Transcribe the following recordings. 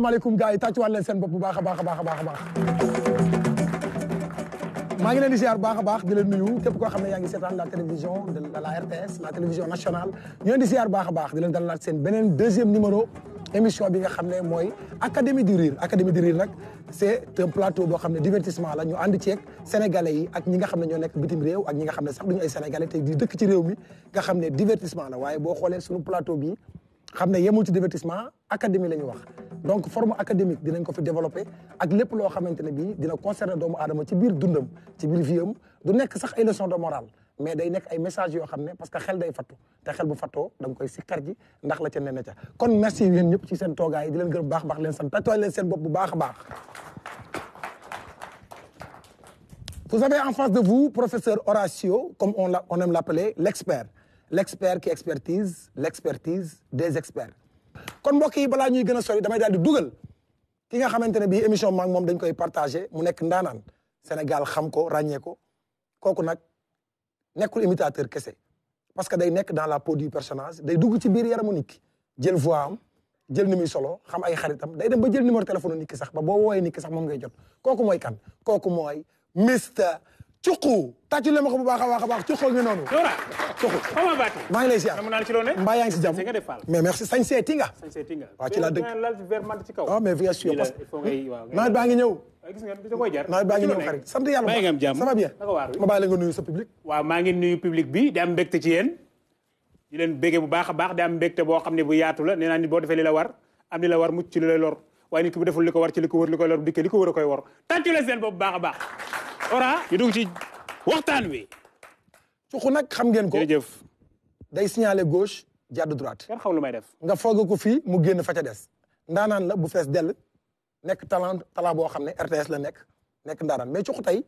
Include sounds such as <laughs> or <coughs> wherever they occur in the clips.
asalaamaaleykum gars yi tàccuwaat leen seen bopp bu baax a baax a baax a baax maa ngi leen di ziar baax a baax di leen nuyu képp koo xam ne yaa ngi seetaan la télévision de la RTS la télévision nationale ñu leen di ziar baax a baax di leen dalalaat seen beneen deuxième numéro émission bi nga xam ne mooy académie du rire académie du rire nag c'est un plateau boo xam ne divertissement la ñu ànd ceeg sénégalais yi ak ñi nga xam ne ñoo nekk bitim réew ak ñi nga xam ne sax duñu ay sénégalais te dëkk ci réew mi nga xam ne divertissement la waaye boo xoolee suñu plateau bi xam ne ci divertissement académie lañu wax donc forme académique dinañ ko fi développer ak lépp loo xamante bi dina concerner doomu aadama ci biir dundam ci biir viam du nekk sax ay leçon de morale mais day nekk ay messages yoo xam ne parce que xel day fattu te xel bu fattoo da nga koy sikkar ji ndax la ca ne na ca kon merci yéen ñëpp ci seen toogaay di leen gërëm baax baax leen sant tatoy leen seen bopp bu baax a baax vous avez en face de vous professeur Horacio comme on on aime l'appeler l'expert l'expert qui expertise l'expertise des experts. kon mbokk yi balaa ñuy gën a sori damay daal di dugal ki nga xamante ne bii émission maak moom dañ koy partagé mu nekk ndaanaan Sénégal xam ko ràññee ko kooku nag nekkul imitateur kese parce que day nekk dans la peau personage day dugg ci biir yaramu nit ki jël voix am jël ni muy solo xam ay xaritam day dem ba jël numéro téléphone nit ki sax ba boo woowee nit sax moom ngay jot kooku mooy kan kooku mooy Mister cuqu tàccu leen ma ko bu baax a baax a baax noonu. Dora maa ngi lay ziar. mbaa yaa ngi si jàmm. mais merci sañ tinga. sañ ci la dëkk. ah mais bien ngi ñëw. nawet bien. ma bàyyi la nga nuyu sa public. waaw maa ngi nuyu public bi di am mbégte ci yéen. di leen bége bu baax a baax di am mbégte boo xam ne bu yaatu la ne naa ni boo defee li la war am li la war mucc ci li la waye nit ki bu deful liko war ci liko ko wër li lor bu liko li wër koy wor tantu la seen bopp baax baax ora ñu dug ci waxtan wi cuxu nak xam ngeen ko jeuf day signaler gauche jàdd droite kenn xam lu may def nga fogg ko fi mu génn fa ca dess ndanan la bu fess del nek talent talent bo xamne RTS la nek nek ndaran mais cuxu tey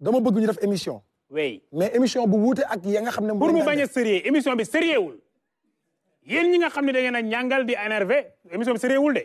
dama bëgg ñu def émission wey mais émission bu wuté ak ya nga xamne pour mu bañ sérieux émission bi sérieux wul yéen ñi nga xamne da ngeen a ñàngal di énerver émission bi sérieux wul de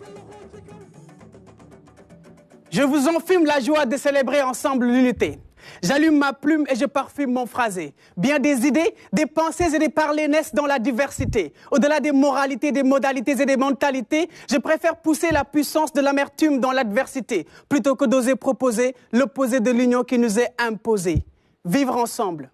Je vous enfume la joie de célébrer ensemble l'unité. J'allume ma plume et je parfume mon phrasé. Bien des idées, des pensées et des parlers naissent dans la diversité. Au-delà des moralités, des modalités et des mentalités, je préfère pousser la puissance de l'amertume dans l'adversité plutôt que d'oser proposer l'opposé de l'union qui nous est imposée. Vivre ensemble.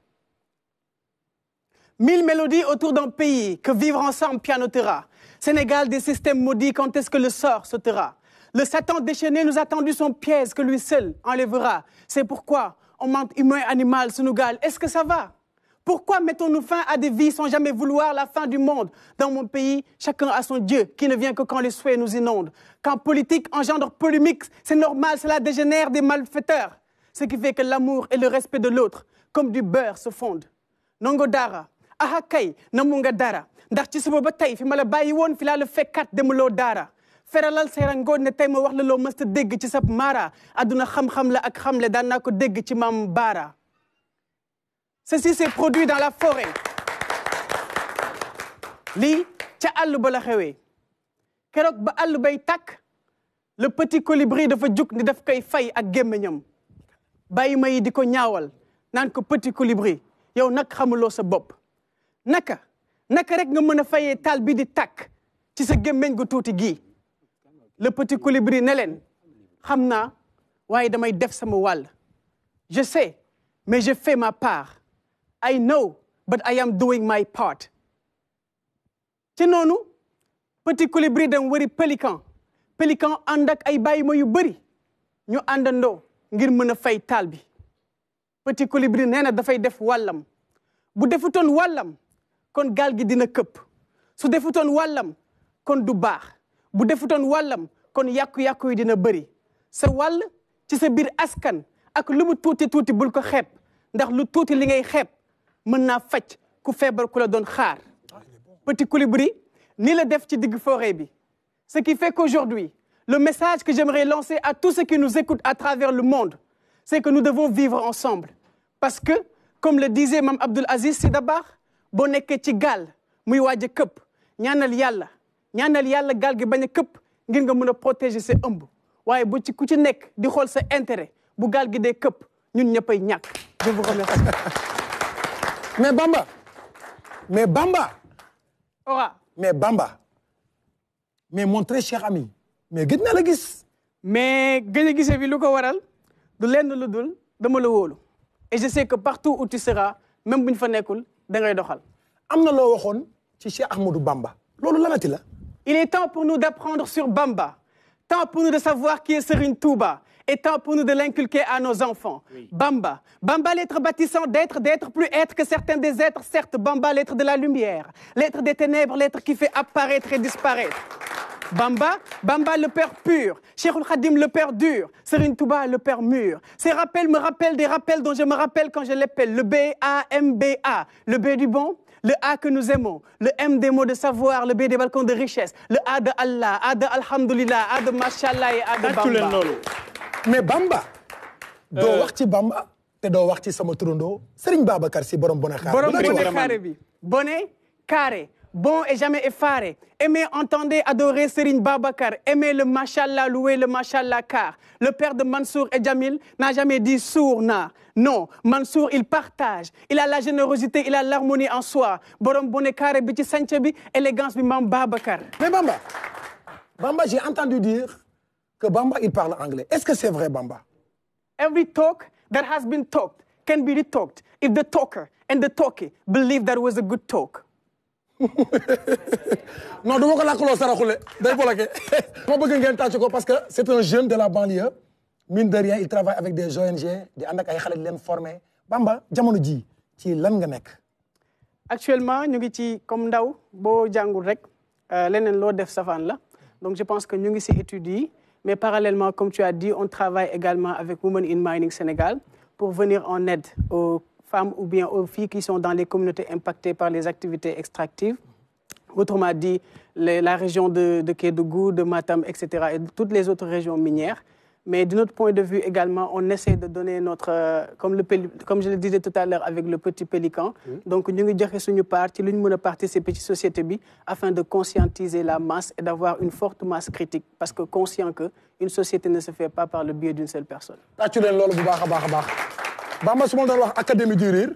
Mille mélodies autour d'un pays que vivre ensemble pianotera. Sénégal des systèmes maudits, quand est-ce que le sort sautera le Satan déchaîné nous a tendu son piège que lui seul enlèvera. C'est pourquoi on mente humain, animal, sunugal. Est-ce que ça va Pourquoi mettons-nous fin à des vies sans jamais vouloir la fin du monde Dans mon pays, chacun a son Dieu qui ne vient que quand les souhaits nous inondent. Quand politique engendre polémique, c'est normal, cela dégénère des malfaiteurs. Ce qui fait que l'amour et le respect de l'autre, comme du beurre, se fondent. Nongodara, Ahakai, Namungadara. Fimala Filale Fekat, demulodara. feralal say ngoon ne tey ma wax la loo mës a dégg ci sab maara adduna xam-xam la ak xam le da naa ko dégg ci maam baara ceci s'est produit dans la forêt lii ca àll ba la xewee keroog ba àll bay takk le petit colibri dafa jug ni daf koy fay ak gémmiñam bàyyi ma yi di ko ñaawal naan ko petit colibri yow nag xamuloo sa bopp naka naka rek nga mën a fayee taal bi di tàkk ci sa gémmiñ gu tuuti gii le petit colibri ne leen xam naa waaye damay def sama wàll je sais mais je fais ma part I know but I am doing my part ci noonu petit colibri dem wëri pélican pélican ànd ak ay bàyyi ma yu bëri ñu àndandoo ngir mën a fay taal bi petit colibri nee na dafay def wàllam bu defutoon wàllam kon gaal gi dina këpp su defutoon wàllam kon du baax bu defutoon wàllam kon yàqu-yàqu yi dina bëri sa wàll ci sa biir askan ak lu mu tuuti tuuti bul ko xeeb ndax lu tuuti li ngay xeeb mën naa ku feebar ku la xaar Petit Colibri ni le def ci digg forêt bi ce qui fait qu'aujourd'hui le message que j'aimerais lancer à tous ceux qui nous écoutent à travers le monde c'est que nous devons vivre ensemble parce que comme le disait Mam Abdul Aziz Sy Dabakh boo nekkee ci gaal muy waaj a këpp ñaanal ñaanal yàlla gaal gi bañ a këpp ngir nga mën a protéger sa ëmb waaye bu ci ku ci nekk di xool sa intérêt bu gaal gi dee këpp ñun ñëppay ñàkk je vous remercie Bamba mais Bamba ora mais Bamba mais mon très cher ami mais gëj naa la gis mais gëj a gisee bi lu ko waral du lenn lu dul dama la woolu et je sais que partout où tu seras même bu ñu fa nekkul da ngay doxal am na loo waxoon ci Cheikh Ahmadou Bamba loolu lanati la Il est temps pour nous d'apprendre sur Bamba, temps pour nous de savoir qui est Serine Touba, et temps pour nous de l'inculquer à nos enfants. Bamba. Bamba, l'être bâtissant d'être, d'être plus être que certains des êtres, certes. Bamba, l'être de la lumière, l'être des ténèbres, l'être qui fait apparaître et disparaître. Bamba, Bamba le père pur, Cheikhoul Khadim le père dur, Serine Touba le père mûr. Ces rappels me rappellent des rappels dont je me rappelle quand je l'appelle le B-A-M-B-A, le B du bon, le A que nous aimons, le M des mots de savoir, le B des balcons de richesse, le A de Allah, A de Alhamdulillah, A de Mashallah et A de Bamba. Mais Bamba, euh... Bamba. Bamba te do Warti sama Serigne Babacar Sy borom bona xaare. borom carré. bon et jamais effaré. Aimez, entendez, adorer, Serine Babakar. Aimez le Mashallah, louer le Mashallah car le père de Mansour et Jamil n'a jamais dit sourd, n'a non Mansour il partage il a la générosité il a l'harmonie en soi borom bone carré bi ci élégance bi maam mais Bamba j'ai entendu dire que Bamba il parle anglais est-ce que c'est vrai Bamba. every talk that has been talked can be retalked if the talker and the talkie believe that it was a good talk. <laughs> non du la ko Je ne day bloqué. <laughs> ma bëgg ngeen tàcc ko parce que c'est un jeune de la banlieue mine de rien il travaille avec des ONG des ànd ay Bamba jamono ji ci lan nga actuellement nous sommes ci comme ndaw boo rek euh, lenen lo def safaan la donc je pense que nous ngi mais parallèlement comme tu as dit on travaille également avec Women in Mining Sénégal pour venir en aide aux femmes ou bien aux filles qui sont dans les communautés impactées par les activités extractives. Autrement dit, la région de, de Kédougou, de Matam, etc., et toutes les autres régions minières. Mais d'un autre point de vue également, on essaie de donner notre, euh, comme, le, comme je le disais tout à l'heure avec le petit pélican, donc nous avons parti, nous avons participé à cette société afin de conscientiser la masse et d'avoir une forte masse critique, parce que conscient que une société ne se fait pas par le biais d'une seule personne. Académie du Rire,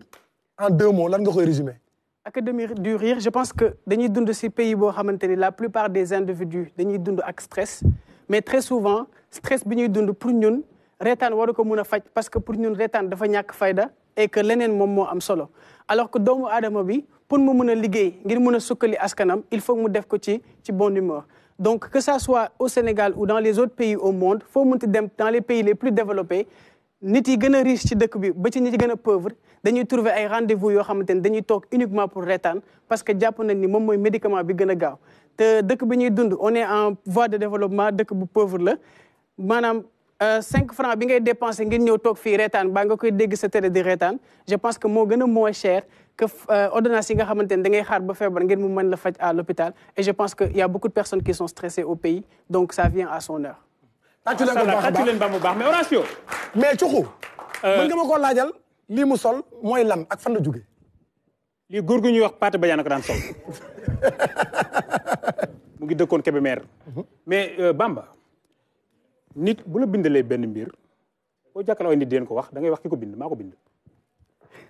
en deux mots, comment vous résumer Académie du Rire, je pense que dans ces pays, la plupart des individus, ils stress mais très souvent stress bi ñuy dund pour ñun reetaan waru ko mun a faj parce que pour ñun reetaan dafa ñàkk fayda et que leneen moom moo am solo alors que doomu aadama bi pour mu mun a liggéey ngir mun a sukkali askanam il faut mu def ko ci ci bon humeur donc que ça soit au Sénégal ou dans les autres pays au monde faut munti dem dans les pays les plus développés nit yi gën a riche ci dëkk bi ba ci nit yi gën a pauvre dañuy trouver ay rendez-vous yoo xamante ne dañuy toog uniquement pour reetaan parce que jàpp nañ ni moom mooy médicament bi gën a gaaw te dëkk bi ñuy dund on est en voie de développement dëkk bu pauvre la maanaam euh, cinq francs bi ngay dépensé ngir ñëw toog fii reetaan ba nga koy dégg sa télé di reetaan je pense que moo gën a moins cher que euh, ordonnance yi nga xamante ne da ngay xaar ba feebar ngir mu mën la faj à l'hôpital et je pense que y a beaucoup de personnes qui sont stressées au pays donc ça vient à son heure tàccu leen ko bu Mais tàccu leen baax mais Horacio mais Cuxu euh, mën nga ma koo laajal lii mu sol mooy lan ak fan la jóge lii góor gu ñuy wax Pathé Badiane ko daan sol <laughs> mu ngi dëkkoon Kébémer mais euh, Bamba nit bu la bindalee benn mbir boo jàkkaarloo nit di ko wax da ngay wax ki ko bind maa ko bind.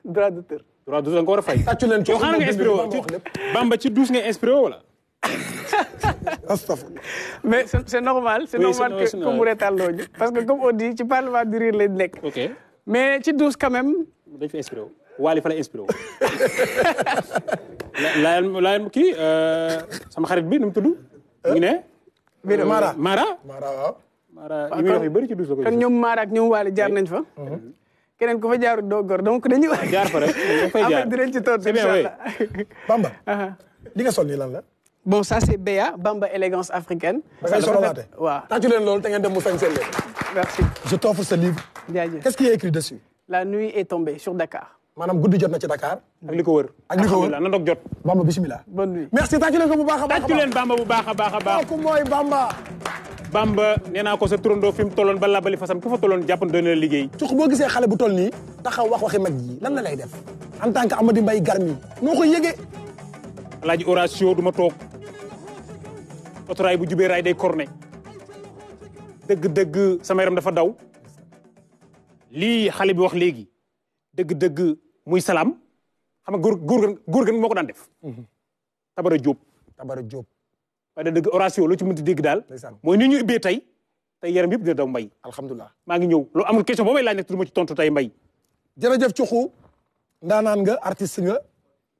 droit d'auteur. droit d'auteur a fay. tàccu leen coono Bamba ci douze nga inspiré woo <laughs> mais c'est normal c'est normal que que mu reetaan loo ñu parce que comme on ci parlement du rire lañ nekk. mais ci douze quand dañ fi Waly fa la inspiré woo laayal laayal kii euh, sama xarit bi num mu tudd. mu ngi ne. bii euh, Mara Mara. Mara Mara yi wax yu bari ci douze la ko. kon ñoom Mara ak ñoom Waly jaar nañ fa. Mhm. keneen ku fa jaarut do gor donc dañuy. Ah, jaar fa rek da fay jaar dinañ ci tort inshallah allah. Bamba. li nga sol nii lan la. bon ça c'est Béa Bamba élégance africaine. da ngay sololaate waaw. tàccu leen ngeen dem mu feeñ seen merci. je t'offre ce livre. jaajëf qu'est-ce qui est écrit dessus. la nuit est tombée sur Dakar. manam guddu jot na ci Dakar. ak liko ko wër ak liko ko wër na dok jot. Bamba bismillah bonne nuit merci tanki len ko bu baakha baakha baax Bamba bu baakha baakha baakha ko moy Bamba. Bamba neena ko sa turandoo fim tolon tolloon ba labali fasam ku fa japp jàppan doon la ci ko bo gisee xale bu tolni taxaw wax waxi mag yi lan la lay def en tant que amadou Mbaye Garmi noko yegge laaji oratio duma tok autoray bu jubee ray day corné deug deug sama yaram dafa daw li xale bi wax léegi. dëgg-dëgg muy salaam xam nga goor góor góor gan moo ko daan def. Mhm. Tabara Diop. Tabara Diop. waaye da dëgg oration loo ci mënti dégg daal. mooy ni ñu ubbee tey tey yaram yëpp dina daw mbay. alhamdulilah maa ngi ñëw loolu am question boo may laaj nag ma ci tontu tey mbay. jërëjëf Cuxu ndaanaan nga artiste nga.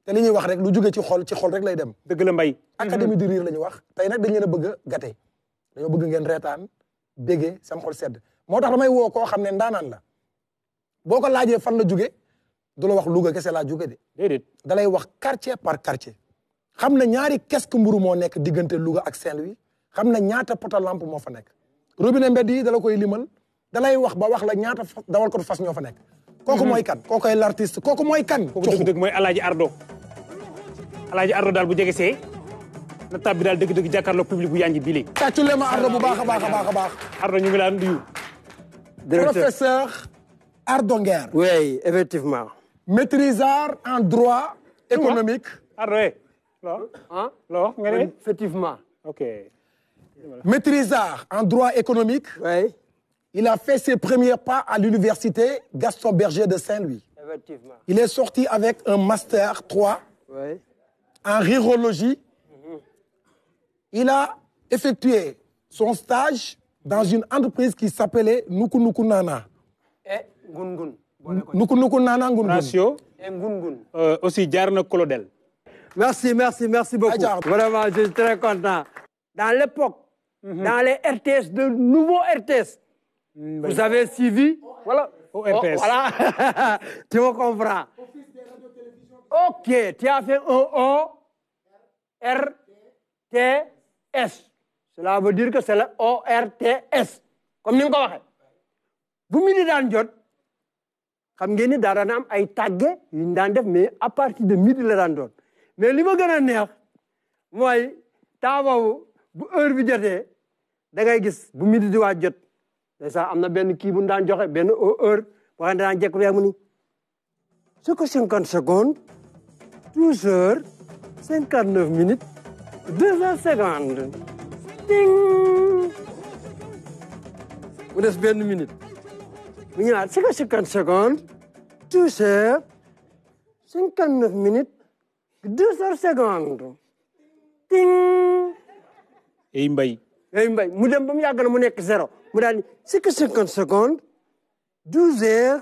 te li ñuy wax rek lu jóge ci xol ci xol rek lay dem. dëgg la mbay. académie mhm. du rire la ñu wax. tey nag dañ leen a bëgg a gâté dañoo bëgg ngeen reetaan bége sam xol sedd moo tax may woo koo xam ne ndaanaan la boko laaje fan la jóge du la wax Louga kese la jóge de. déedéet dalay wax quartier par quartier. xamna ñaari kesk mburu mo nek diggante Louga ak Saint-Louis xamna ñaata pota lampe mo fa nek robinet mbedd yi da la koy limal dalay wax ba wax la ñaata dawal ko fas ñoo fa nekk. kooku mooy kan ay l'artiste koku moy kan. kooku deug dëgg mooy Ardo Alaji Ardo dal bu jege sé na tabbi dal deug deug dëgg jàkkaarloo public bu yanji bi li leen lema Ardo bu baakha baakha baakha a Ardo ñu ngi laa nuyu. professeur. Ardonger. Oui, effectivement. Maîtrisard en droit économique. Non. Ah, hein? Effectivement. OK. Maîtrisard en droit économique. Oui. Il a fait ses premiers pas à l'université Gaston Berger de Saint-Louis. Effectivement. Il est sorti avec un master 3 en rhérologie. Mhm. Il a effectué son stage dans une entreprise qui s'appelait Nukunukunana. Ngungun. Nuku Nuku Nana Ngungun. Ratio. Et Ngungun. Euh, aussi Djarne Colodel. Merci, merci, merci beaucoup. Adjar. Vraiment, je suis très content. Dans l'époque, mm -hmm. dans les RTS, de nouveaux RTS, mm, vous avez suivi. Voilà. Oh, Au RTS. Oh, voilà. <laughs> tu me comprends. Ok, tu as fait un O, R, T, S. Cela veut dire que c'est le O, R, T, S. Comme nous l'avons Vous m'avez dit dans xam ngeen ni dara na ay tàgge yu ñu def mais à partir de midi la daan doon mais li ma gën a neex mooy taabawu bu heure bi jotee da ngay gis bu midi di waa jot dèjà am na benn kii bu daan joxe benn heure boo xam ne daan jekk ni su ko cinquante secondes douze heures cinquante minutes deux cent ding mu des benn minute Minha c'est cinquante secondes. Tout ça, 59 minutes, 12 heures secondes. ting. ey mbay. mbay mu dem ba mu yàgg na mu nekk zéro mu daal di cinquante secondes, 12 heures,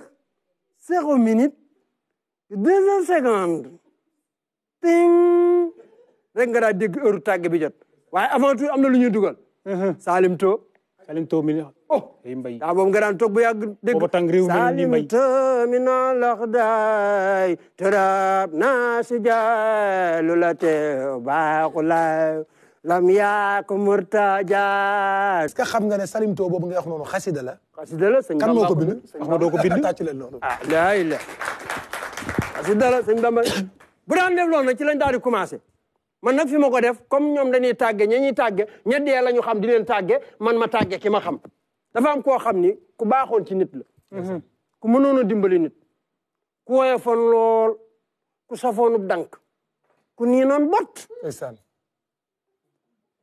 zéro minute, 2 heures secondes. ting. rek nga daa dégg heure tàgg bi jot waaye avant tout am na lu ñuy dugal. Salim To. salim to min oh ay mbay daa boobu nga toog bu yàgg dégg booba tàng mi ni mbay salim to min lax daay tërab naa si jaalu la te baaxu laay lam yaak murtaja est-ce que xam nga ne salim to boobu nga wax noonu xasida la xasida la sëñ kan moo ko bind wax ma doo ko bind tàcc leen loolu ah la xasida la <coughs> ci lañ daal di commencé man nag fi ma ko def comme ñoom dañuy tàgge ña ñuy tàgge ña dee la ñu xam di leen tàgge man ma tàgge ki ma xam dafa am koo xam ni ku baaxoon ci nit la mhm. ku mënoon a dimbali nit ku woyofoon lool ku safoonub dank ku nii noon bot ndeysaan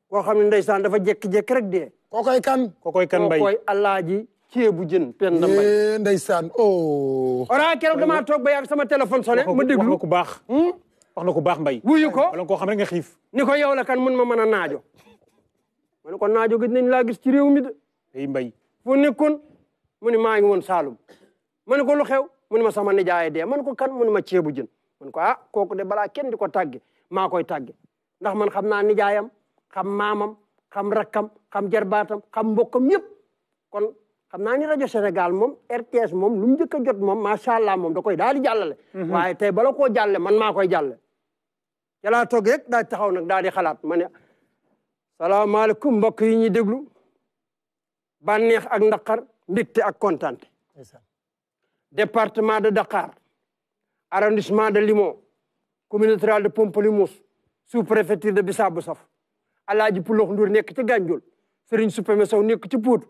koo xam ne ndeysaan dafa jékki-jékki rek dee kookoy kan kookoy kan mbay kookoy alaaji ceebu jën pen na mbay ndeysaan o oh. oraa keroog damaa toog ba yàgg sama téléphone sonné ma déglu ku baax hmm? wax na ko baax mbay wuyu ko wala ko xam rek nga xiif ni ko yow la kan mun ma mën a naajo ma ko naajo gi dinañ laa gis ci réew mi de ay mbay fu nekkoon mu ne maa ngi salum Saalum ko lu xew mu ne ma sama nijaay de ma ko kan mu ne ma ceebu jën ma ne ko ah kooku de bala kenn di ko tàgge maa koy tagge ndax man xam naa nijaayam xam mamam xam rakam xam jarbaatam xam mbokkam yëpp kon xam naa ni rajo Sénégal moom RTS moom lu mu njëkk a mom ma macha allah moom da koy daal di jàllale. Mhm. waaye tey bala koo jàlle man maa koy jàlle. ca laa toog rek daal taxaw nag daal di xalaat ma ne salaamaaleykum mbokk yi ñuy déglu bànneex ak ndaqar mbégte ak kontante département de Dakar arrondissement de Limon commune de Pampelimouse sous préfecture de Bissau-Bissau alaaji Pulox Ndour nekk ci Gànjool Serigne Suppémé Sow nekk ci Pout.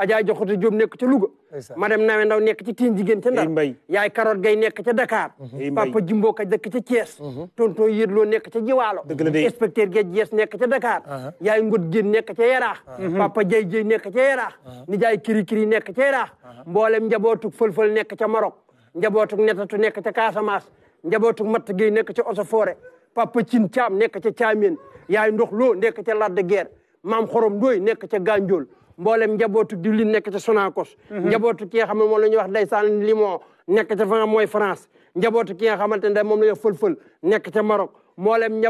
Adja Joxote Diop nekk ca Louga. madame Nawe Ndaw nekk ci tiin jigéen ca Ndar. yaay Karoot Gay nekk ca Dakar. papa Jimbo Ka dëkk ca Thiès. tonton Yedloo nekk ca Jiwaalo. dëgg la de inspecteur nekk ca Dakar. yaay Ngot Diène nekk ca Yaraax. papa Jay Jay nekk ca Yaraax. nijaay Kiri Kiri nekk ca Yaraax. mboolem njabootu fël-fël nekk ca Marok. njabootu netatu nekk ca Casamance. njabootu Matt Guèye nekk ca Oso Forêt. papa Cin Caam nekk ca Caameen. yaay Ndox Lo nekk ca Lac de Mam xorom doy nek ca Ganjool mboolem njabootu diwlin nek ca sonakos mhm. njabotu ki nga xam ne moom wax ndaysan limon nek ca fa moy France njabotu ki nga xamante ne moom la ñuy fël-fël ca Maroc mboolem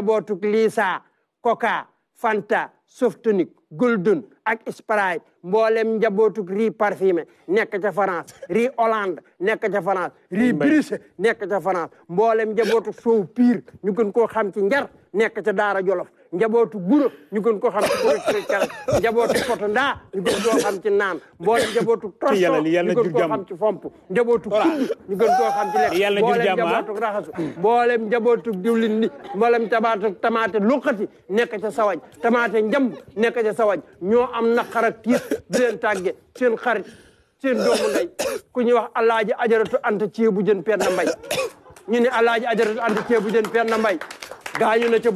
Lisa Coca Fanta Softonic Golden ak Sprite mbollem njabotu ri parfumé nek ca France ri Hollande nek ca France ri brise Nek ca France mbollem njabotu sou pire ñu gën ko xam ci njar nek ca dara jollof njabootu guro ñu gën ko xam ci korocré carat njabootu poto ndaa ñu gën xam ci naan mboolem njabootu troso ñu gën koo xam ci fomp njabootu kudd ñu gën koo xam ci lekk mboolem ah. njabootu raxasu mboolem njabootu diwlin ni mboolem tabaatu tamaate luqati nekk ca sawaj tamaate njamb nekk ca sawaj ñoo am naqar ak tiis di leen tàgge seen xarit seen ku ñuy wax alaaji ajaratu anta ceebu jën penn mbay ñu ne alaaji ajaratu anta ceebu jën penn mbay gaañu na ca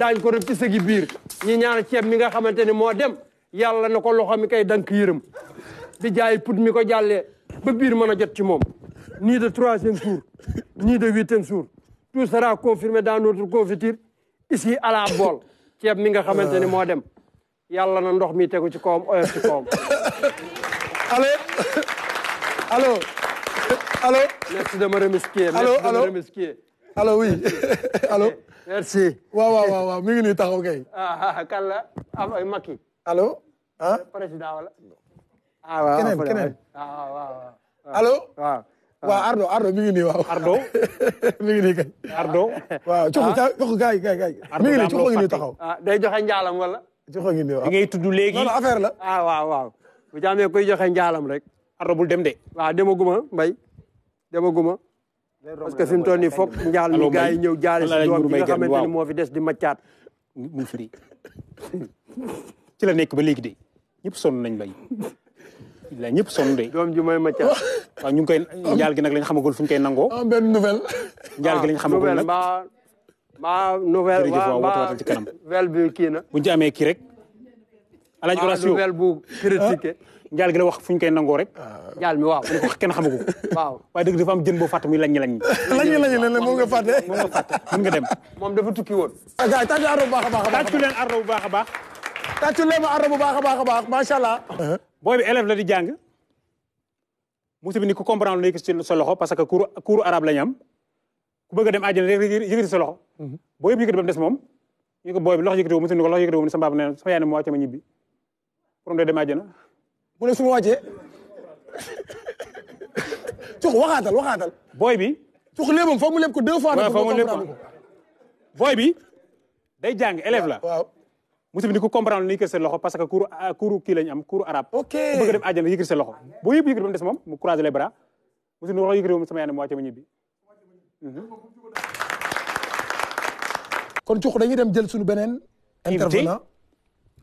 daañ ko rëb ci sëgi biir ñi ñaan ceeb mi nga xamante ni moo dem yàlla na ko loxo mi kay dank yërëm di jaay put mi ko jàllee ba biir mën a jot ci moom nii de troisième jour nii de huitième jour tout sera confirmé dans notre confiture ici à la bool ceeb mi nga xamante ni moo dem yàlla na ndox mi tegu ci kawam oyof ci kawam allo allo allo merci de me remercier merci de me allo oui <laughs> allo. merci. waaw waaw waaw mi ngi nii taxaw kay. ah, ah, ah kan la am ah, Macky. allo. ah président wala. ah waaw waaw Ardo Ardo mi ngi nii waaw. Ardo <laughs> mi ngi nii kay. Ardo. waaw coxu caa coxu gars yi gars yi. mi ngi nii taxaw. ah day joxe njaalam wala. joxe ngi nii waaw ngay tudd léegi. non affaire la. ah waaw waaw. koy joxe njaalam rek. Ardo bul dem de. waaw demaguma Mbaye demaguma. parce que fi mu toll nii foog njaal mi yi ñëw jaale si doom bi nga xamante ni moo fi des di maccaat mu firi ci la nekk ba léegi de ñëpp son nañ bay la ñëpp sonn de doom ji mooy maccaat waaw ñu ngi koy njaal gi nag lañ xamagul fu koy nangoo ah, benn nouvelle njaal gi lañ ah, xamagul nag maa nouvelle waaw maa na bu ñu ci kii rek alaaj oration nouvelle bu critiqué ah. njaal gi la wax fu ñu koy nangoo rek ah. njaal mi waaw mu ne ko kenn xamagu ko <laughs> waaw waaye dëgg dafa am jën boo fàtte muy lañ lañ lañ lañ lañ moom nga fàtte moom nga fàtte mën nga dem moom dafa tukki woon ah, gars yi tàccu arro bu baax a baax tàccu leen arro bu baax a baax tàccu leen ma arro bu baax a baax a baax macha allah uh-huh. booy bi élève la di jàng musi bi ni ku comprendre lu nekk ci sa loxo parce que cours cours arabe lañ am ku bëgg a dem àjjana rek yëkkati sa loxo uh-huh. boo yëpp yëkkati ba mu des moom ñu ko bi loxo yëkkati wu musi ni ko loxo yëkkati wu mu ne sa mbaab nee sama yaay ne mu wàcce ma ñibbi pour dem àjjana mu ne su ma wàccee cux waxaatal waxaatal. booy bi. cux léebam foog mu léeb ko deux fois. waaw foog booy bi. day jàng élève la waaw. musu bi ni ku comprendre ni yëkkati seen loxo parce que cours euh, cours kii lañ am cours arabe. ok ku bëgg a dem àjjana yëkkati seen loxo. bu yëpp yëkkati ba mu des moom mu croiser les bras musu bi loxo yëkkati moom sama yaay mu wàcce ma ñibbi. Mhm. kon cux dañuy dem jël suñu beneen. intervenant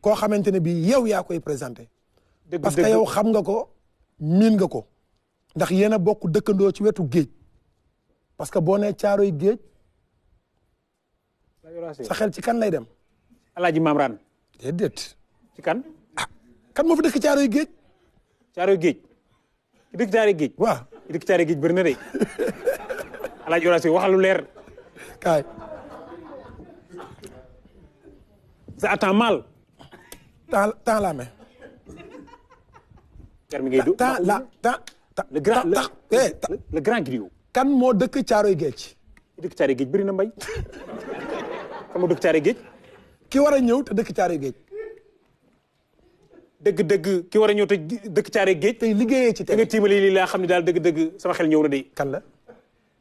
koo xamante ne bii yow yaa koy présenté. parce que yow xam nga ko miin nga ko ndax yéen a bokk dëkkandoo ci wetu géej parce que boo nee caaroy géej sa ci kan lay dem alaaji mamran déedéet ci kan ah kan moo fi dëkk caaroy géej caaroy géej ki dëkk géej waa ki dëkk caaroy géej bëri na de <laughs> alaaji oraasi wax leer kaay ça attend mal temps terme ngay du temps la grand le eh, kan moo dëkk Caaroy Géej. dëkk Géej bëri na mbay. kan moo dëkk Géej. ki war a ñëw te dëkk Caaroy Géej. dëgg-dëgg ki war a ñëw te dëkk Caaroy Géej. tey liggéeyee ci tey nga tiimale lii laa xam ne daal dëgg-dëgg sama xel ñëw na de. kan la.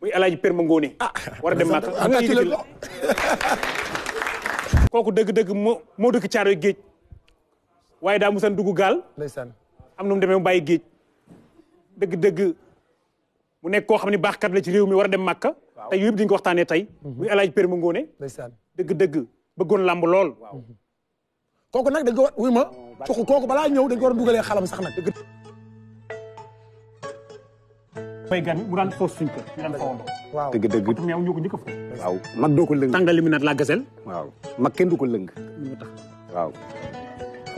muy El Hadj Per a dem Màkka <laughs> kooku dëgg-dëgg moo moo dëkk Caaroy Géej. waaye daa musan dugg gaal. am na mu demee mu bàyyi géej dëgg-dëgg mu nekk koo xam ne baaxkat la ci réew mi war a dem Màkka. waaw tey yooyu yëpp dañu ko waxtaanee tey. Mhm. muy El Hadj Père Ngoné. dëgg-dëgg bëggoon làmb lool. nag dañ ko war wuy balaa ñëw dañ ko war a dugalee xalam sax na dëgg fay mu daan force suñ kër. waaw dëgg-dëgg. waaw ñoom ñoo ko njëkk a foofu. waaw mag doo ko lëng. tàngali mi la gasel. waaw mag lëng.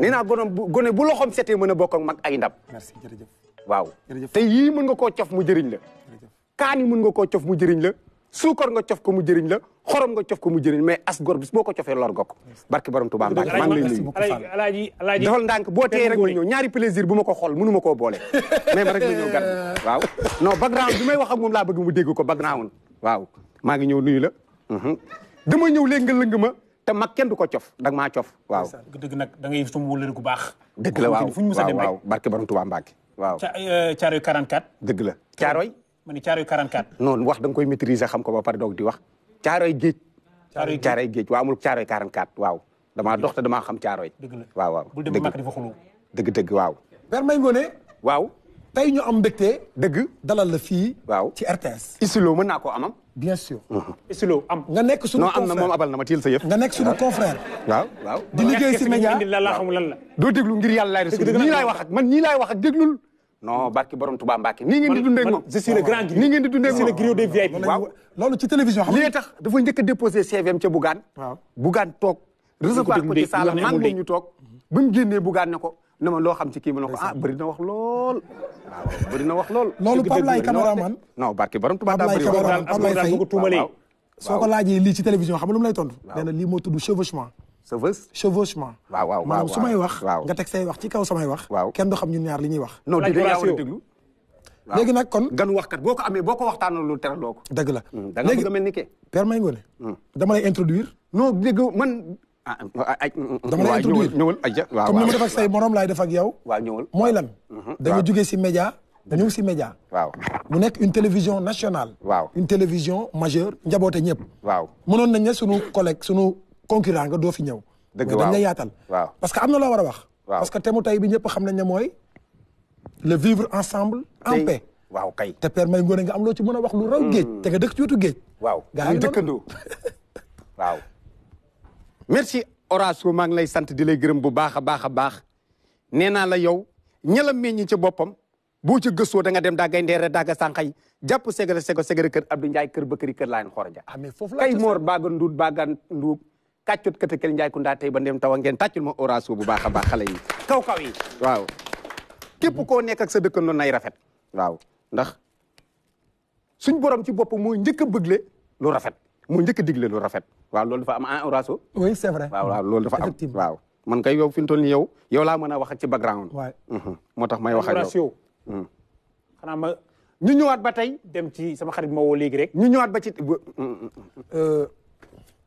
nee naa gone gone bu loxoom setee mën a bokk ak mag ay ndab. merci waaw te yii mën nga koo cof mu jëriñ la. kaani mën nga koo cof mu jëriñ la. suukar nga cof ko mu jëriñ la xorom nga cof ko mu jëriñ mais as gor bis boo ko cofee lor gokk barki borom Tuubaa Mbàkke maa ngi lay nuyu alaaji alaaji defal ndànk boo tee <laughs> rek ma ñëw ma koo boole mais ma may wax ak moom laa bëgg mu dégg ko background waaw maa ngi ñëw nuyu la mhm. dama ñëw léegi nga lëng ma te kenn du ko cof da nga maa cof waaw dëgg nag da ngay sum wóllëri gu baax dëgg la waaw fuñu ba dem waaw barke borom Tuubaa Mbàkke waaw eh, caaroy 44 dëgg la caaroy ma ni caaroy 44 noonu wax da koy maîtriser xam ko ba pare doog di wax caaroy géej caaroy géej waaw amul caaroy 44 waaw damaa dox te damaa xam caaroy dëgg la waaw waaw bul dem mag di fa xulu dëgg dëgg waaw Père Mbaye waaw tey ñu am mbégte dëgg dalal la fii waaw ci RTS isiloo mën naa ko amam bien sûr. Uh-huh. Islo nga nekk suñu confrère am na na ma tiil sa yëf. nekk suñu confrère. waaw waaw doo déglu ngir yàlla laay rasul nii man nii laay wax ak déglul. non barki borom Touba Mbacke nii ngeen di dundee moom je suis le grand nii moom je suis ci télévision xam nga tax dafa njëkk a déposé CVM ca Bougane. waaw Bougane toog. recevoir ko ci saala man ñu toog ba mu génnee Bougane ne ko ne ma loo xam ci kii ma ne ko ah bëri na wax lool waaw bëri na wax lool. <laughs> loolu Pape Laye caméraman non barke borom Tuubaa daa bëri wax daal Pape Laye Faye waaw soo ko laajee lii ci télévision xam lu mu lay tontu. waaw nee moo tudd chevauchement. chevauche chevauchement. waaw waaw maanaam wax. nga teg say wax ci kaw samay wax. kenn du xam ñun ñaar li ñuy wax. non di yaa war a déglu. léegi nag boo ko amee boo ko waxtaanoo lu teraloo ko. dëgg la hmm, hmm. dama lay introduire. non dégg man ah ay. Ah, ah, ah, mm, mm, mm. dama lay introduire ñëwul waaw comme ni ma def laay def ak yow. waaw ñëwul mooy lan. Mhm, da nga jógee si média ñëw si média. waaw mu nekk une télévision nationale. waaw une télévision majeure njaboote ñëpp. waaw mënoon nañ ne sunu collègue sunu concurrent nga doo fi ñëw. dëgg waaw dañ yaatal. waaw parce que am na loo war a wax. waaw parce que thème mu tey bi ñëpp xam nañ ne mooy le vivre ensemble en paix. waaw kay te Père Mbaye nga am loo ci mën a wax lu raw géej. te nga dëkk ci wetu géej. waaw ñu dëkkandoo <laughs> waaw. merci Horacio maa ngi lay sant di lay gërëm bu baax a baax a baax nee naa la yow ñala meññi ci boppam boo ci gëstoo da nga dem daa gay ndeere daaga sànqay jàpp segare sego kër ab Abdou Ndiaye kër Bakari kër laayen xoroja ah, kay moor baaga nduut baaga nduub kàccut këtëkel Ndiaye ku ndaa tey ba ndem wa ngeen tàccul ma Horacio bu baax a baax xale yi kaw kaw yi waaw képp koo nekk ak sa dëkkandoo nay rafet waaw ndax suñ borom ci boppam mooy njëkk a bëgle lu rafet mu njëkk a digle lu rafet waaw loolu fa am en ah, oraso oui waaw waaw loolu dafa am waaw man kay yow fi mu toll nii yow yow laa mën a wax ak ci background waay mhm. moo tax may wax ak yow mhm. xanaa ma ñu ñëwaat ba tey dem ci sama xarit ma woo léegi rek ñu ñëwaat ba ci euh,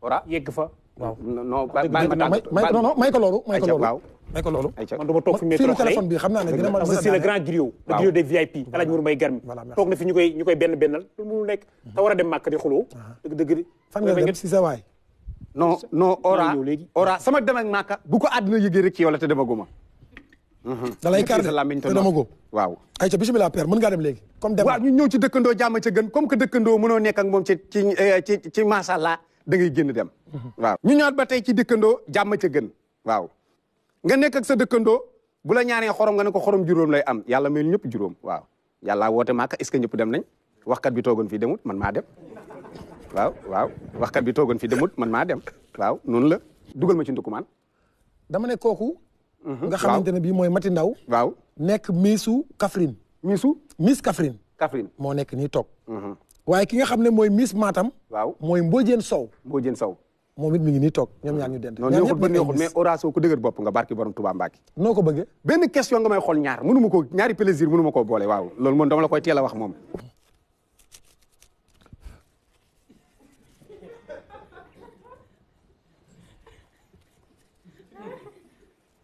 ora yegg fa waaw non non non may ko loolu may ko loolu may ko loolu fi mu téléphone bi xam naa ne dina ma c'est le grand VIP El Hadj Mourou Mbaye Garmi toog na fi ñu koy benn bennal loolu mënul mm-hmm. a dem màkk di xuloo dëgg dëgg sama dem ak màkka bu ko àddina yëgee rek ci yow la te demaguma mm-hmm. da lay kar te demago waaw ay ca bisimilah père mën ngaa dem léegi comme dem waaw ñu ñëw ci dëkkandoo jàmm ca gën comme que dëkkandoo mënoo nekk ak moom ci ci eh, da ngay génn dem. waaw ñu ñëwaat ba tey ci dëkkandoo jàmm ca gën. waaw nga nekk sa dëkkandoo bu la ñaanee xorom nga ne ko xorom juróom lay am yàlla mel ñëpp juróom waaw yàlla woote maaka est-ce dem nañ waxkat bi toogoon fii demut man maa dem waaw waaw waxkat bi toogoon fi demut man maa dem waaw noonu la dugal ma ci ndukumaan dama ne kooku. Mhm. nga xamante ne bii mooy Mati Ndaw waaw nekk miisu Kaffrine. miisu miis Kaffrine. Kaffrine moo nekk nii toog. Mhm. waaye ki nga xam ne mooy Miss maatam waaw mooy Mbodiène Sow. Mbodiène Sow. moom it mi ngi nii toog ñoom ñaar ñu dend. ñaar ñëpp ñu ngi mais Horace ku dëgër bopp nga barki borom Touba Mbacke. noo ko bëggee. benn question may xool ñaar mënu ko ñaari plaisir mënu ma koo boole waaw loolu moom dama a wax moom.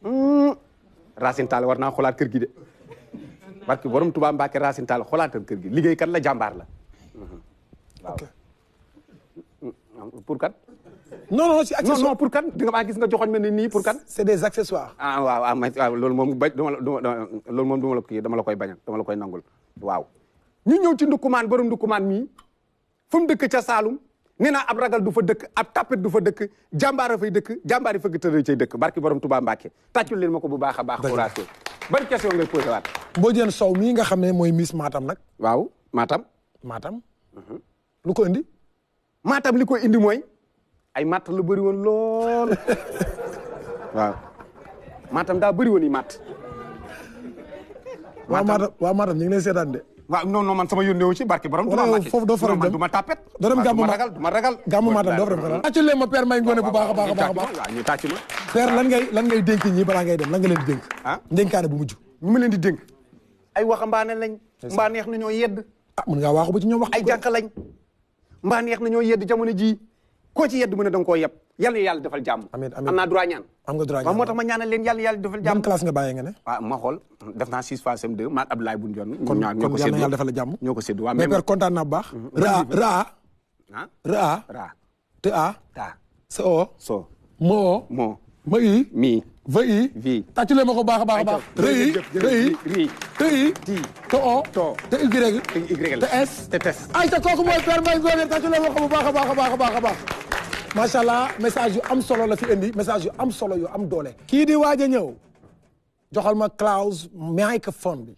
Hmm. Racine Tall war naa xoolaat kër gi de barki borom Touba Mbacke Racine Tall xoolaatal kër gi liggéey liggéeykat la jàmbaar la. ok pour kan. non non si accessoire non non pour kan di nga maa gis nga joxoon ma ne nii pour kan. c'est des accessoires. ah waaw ah man loolu moom bañ dama la loolu moom dama la kii dama la koy bañal dama la koy nangul waaw. ñu ñëw ci ndukumaan borom ndukumaan mii fu mu dëkk ca Saalum nee naa ab ragal du fa dëkk ab tapet du fa dëkk jàmbaara fay dëkk jàmbaari fëgg tëdd cay dëkk barki borom Touba Mbacke tàccul leen ma ko bu baax a baax. dëgg ban question ngay posé waat. Mbodiène Sow mii nga xam ne mooy Miss Matam nag. waaw Matam. maatam mhm. lu ko indi. maatam li ko indi mooy. ay matt la bëri woon lool <laughs> waaw Matam daa bëri woon i matt. waaw Matam waaw Matam ñu ngi lay seetaan de. waaw non non man sama yónnee wu ci barke borom. foofu doo faral dem du ma tàppet. doo fa dem xanaa. tàccu leen ma père may ngoone bu baax a baax a baax a baax. waaw ñu tàcc ma. père lan ngay lan ngay dénk ñi balaa ngay dem lan nga leen di dénk. ah ndénkaane bu mujj. ñu leen di dénk. ay waxambaane lañ. mbaa neex na ñoo yedd ah mën ngaa waaxu ba ci ñoom wax. ay jànq lañ mbaa neex na ñoo yedd jamono ji ko ci yedd mu ne da nga koo yeb yal na yàlla defal jàmm. amiin amiin am naa droit ñaan. am nga droit moo tax ma ñaana leen yàlla yàlla defal jàmm. ban classe nga bàyyee nga ne. waaw ah, ma xool def naa six fois sem deux yal defal la jàmm ñoo ko séddu waaw mais père baax. raa mm-hmm. raa. ah raa. a. ta so. so moo. ma i mi va i vi tàcc ma ko baax a baax a baax rëyi rëyi ri tëyi te o te y te s te tes ay ta kooku mooy Père ko baax a baax a baax a a baax macha allah message yu am solo la fi indi message yu am solo yu am doole kii di waaj ñëw joxal ma Klaus microphone bi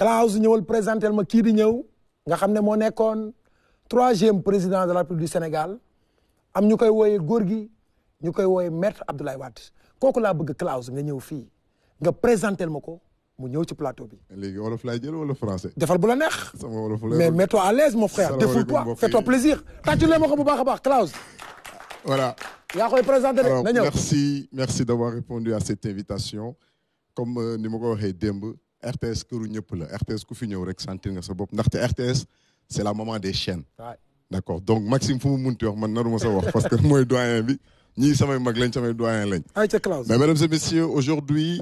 Klaus ñëwal présentel ma kii di ñëw nga xam ne moo nekkoon troisième président de la République du Sénégal am ñu koy wooyee góor gi ñu koy woowee maître Abdoulaye Wade kooku laa bëgg Claus nga ñëw fii nga présentel ma ko mu ñëw ci plateau bi. léegi wolof laay jël wala français. defal bu la mais mets-toi à l'aise mon frère. défoule-toi fais-toi plaisir. tàcculee ma ko bu baax a baax Claus. voilà. yaa koy présenté na ñëw merci merci d'avoir répondu à cette invitation comme euh, ni ma ko waxee RTS këru ñëpp la RTS ku fi ñëw rek sentir nga sa bopp ndaxte RTS c'est la maman des chaînes. d'accord donc Maxime fu mu munti wax man naruma sa wax parce que <laughs> mooy doyen bi mesdames et messieurs aujourd'hui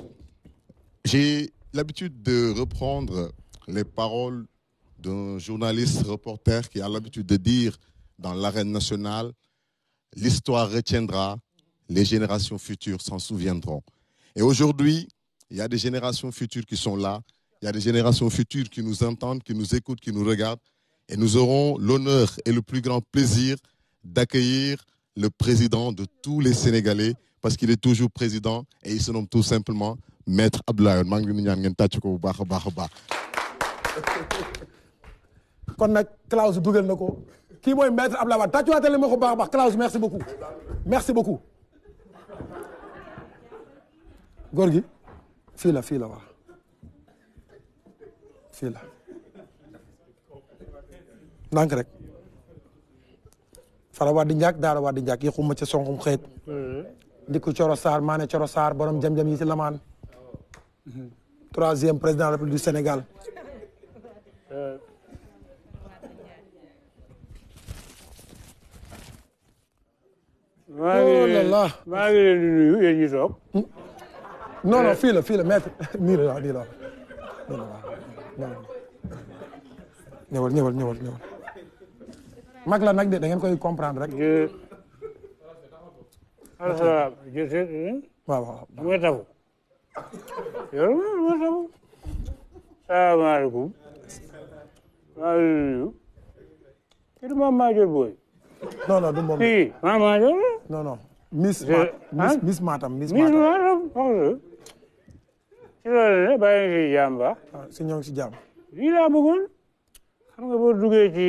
j'ai l'habitude de reprendre les paroles d'un journaliste reporter qui a l'habitude de dire dans l'arène nationale l'histoire retiendra les générations futures s'en souviendront et aujourd'hui il y a des générations futures qui sont là il y a des générations futures qui nous entendent qui nous écoutent qui nous regardent et nous aurons l'honneur et le plus grand plaisir d'accueillir le président de tous les Sénégalais parce qu'il est toujours président et il se nomme tout simplement Maître Abdoulaye Je Klaus dugal na Maître Abdoulaye Klaus merci beaucoup merci beaucoup. Gorgi, c'est la fille la waaw fii la rek. sara waa di njaak daara waa di njaak yëquma ca sonqum xeet mm-hmm. Coro Sarr maane Coro Sarr borom jam-jam yi ci lamaan troisième président de la République Sénégal oh maa ngi leen di nuyu yéen ñi toog hmm? non non eh. fii la fii la maître <laughs> nii la nii la ñëwal mag la nag de da ngeen koy comprendre rek. jërëjëf. waaw waaw bu ma taw. yow bu ma taw. salaamaaleykum. maaleykum. kii du maam Madior Boye. non non du moom. kii maam Madior. non non. Miss Matam ah? Miss Matam. Miss Matam wax ci loolu la bàyyi si jàmm baax. Ah, si ñoo ngi si jàmm. lii laa bëggoon xam nga boo duggee ci.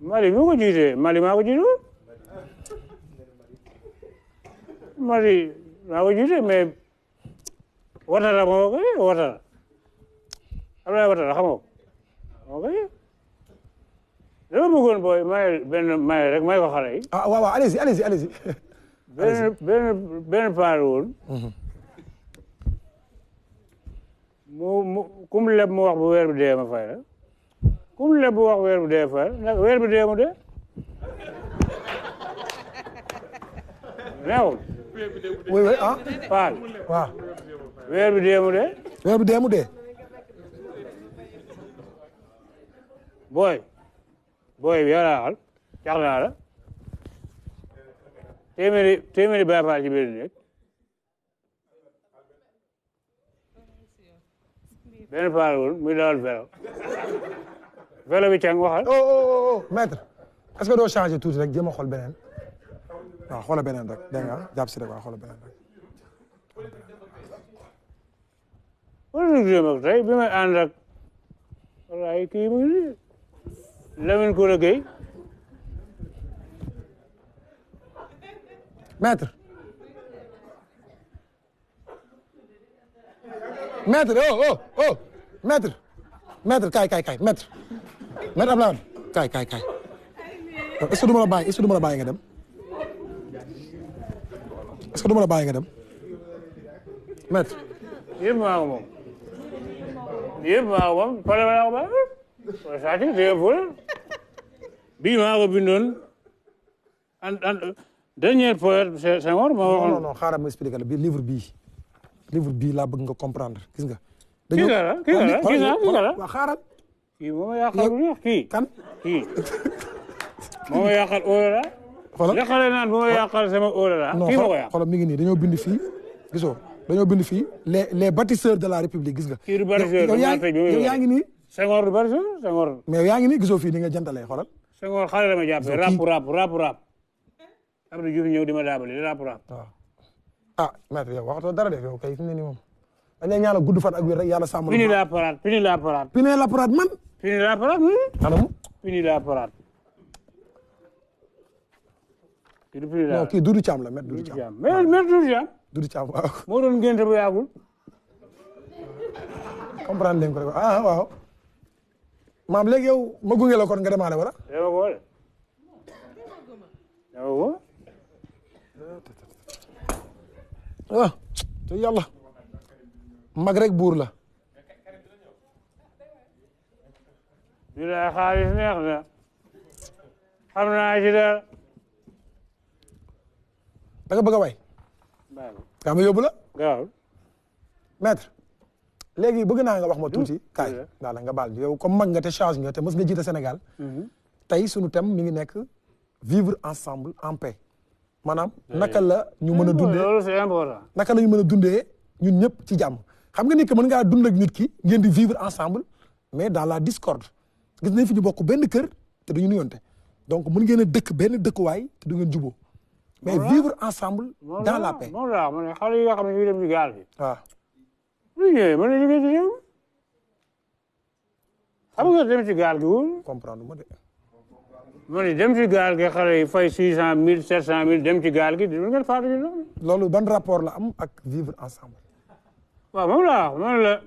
Mali moo ko jiite Mali maa ko jiite woon Mali maa ko jiite mais Ouattara moo ko kii Ouattara Abdoulaye Ouattara xam moo ko kii dama bëggoon booy may benn rek may ko xale yi. ah waaw waaw allez-y allez paar woon. Mhm. mu mu ku leb mu wax bu weer bi dee ma fay ku mu leb weer bu dee fayal weer bu dee mu dee neewul. oui oui ah. Faal weer bu dee mu dee. weer bu dee mu dee. booy. booy bi yàlla waxal cax naa la. téeméeri téeméeri Baay Faal ci biir nekk. benn Faal wul est est-ce que doo changer maître. oh oh oh maître maître kaay kaay kaay maître. Maître Abdoulaye Wade kaay kaay kaay est-ce que du ma la bàyyi est-ce que du ma la bàyyi nga dem est-ce que du ma la bàyyi nga dem maître. yëpp maa ko moom yëpp maa ko moom pare maa ko bàyyi saa ci dégg fóol bii maa ko bindoon an an dernier poète Senghor ma waxoon. non non xaaral ma expliqué la bi livre bii livre bii laa bëgg nga comprendre gis nga. dañoo kii nga la kii nga la kii nga la waaw xaaral. kii moom a yaakaar lu neex kii. kan kii moom a yaakaar óolala. xoolal yàqale a yaakaar kii ma ko yàq xoolal mi ngi nii dañoo bind fii gisoo dañoo bind fii les les bâtisseurs de la république gis nga. kii du bâtisseur yow yaa ngi nii. Senghor du bâtisseur Senghor. mais yaa ngi nii gisoo fii ni nga jantalee xoolal. Senghor xale la ma jàppee rap rap rap rap. Abdou Diouf ñëw di ma daabale rap rap. waaw ah. ah maître yow waxatoo dara def yow kay fi mu ne moom. pini laa paraat hmm? anam pini laa paraat kii kii Doudou Thiam la met Doudou Thiam met Doudou Thiam Doudou Thiam waaw moo doon bu yaagul comprendre leen ko rek ah waaw maam léegi yow ma gunge la kon nga demaale wala dama ko ah, mag rek buur la ñu ne xaalis neex na xam naa ci dara. da nga bëgg a way. kaa ma yóbbu léegi bëgg naa nga wax ma tuuti. kaay daal nga baal yow comme mag nga te change nga te mës nga jiite Sénégal. Mhm. tey sunu thème mi ngi nekk vivre ensemble en paix. maanaam naka la ñu mën a dundee loolu naka la ñu mën a dundee ñun ñëpp ci jàmm. xam nga ni que mën ngaa dund ak nit ki ngeen di vivre ensemble mais dans la discorde. gis nañ fi ñu bokk benn kër te duñu nuyonte donc mën ngeen a dëkk benn dëkkuwaay te du ngeen juboo mais vivre ensemble dans la paix. moom laa ma ne xale yi nga xam ne ñu dem ci gaal bi. waaw. bu mën nañu nga dem ci gaal gi wul. comprendre ma de. ma ne dem yi fay six cent mille sept cent mille dem ci gaal gi du ngeen ban rapport la am ak vivre ensemble. waaw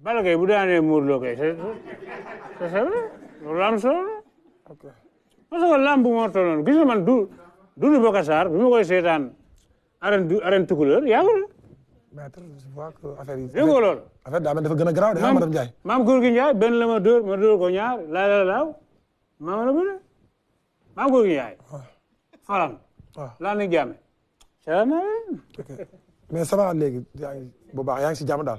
Balla Gaye bu daanee Modou Lo kay c'est vrai loolu am solo la parce ah. ah. que lamb moo toll noonu gis nga man du Doudou Bakassar bi ma koy seetaan arène du yaa ngi maître je vois yi. déggoo dafa gën a garaaw de ah madame Ndiaye. maam góor gi Ndiaye benn la ma dóor ko ñaar laa la laaw maa ma la bëre maam góor gi Ndiaye. faram. laa nekk jaame. salaamaaleykum. ok mais ça yaa bu baax yaa ngi si jàmm daal.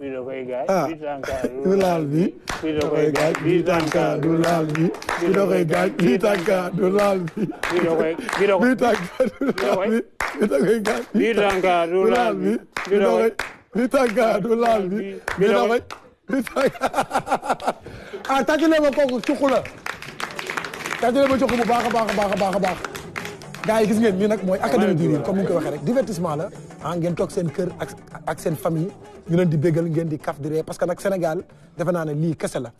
bii da koy gaay bii tànka du laal bi bii da koy gaay bii tànka du laal bi bii da koy gaay bii tànka du laal bi bii da koy bii da koy bii tànka du laal bi bii da koy bii tànka du laal bi bii da koy bii tànka ah tàcc na ma kooku cuq la tàcc na ma cuq bu baax a baax a baax a baax a baax gars yi gis ngeen lii nag mooy académie du rire comme ni ñu koy waxee rek divertissement la ah ngeen toog seen kër ak ak seen famille ñu leen di bégal ngeen di kaf di ree parce que nag Sénégal defe naa ne lii kese la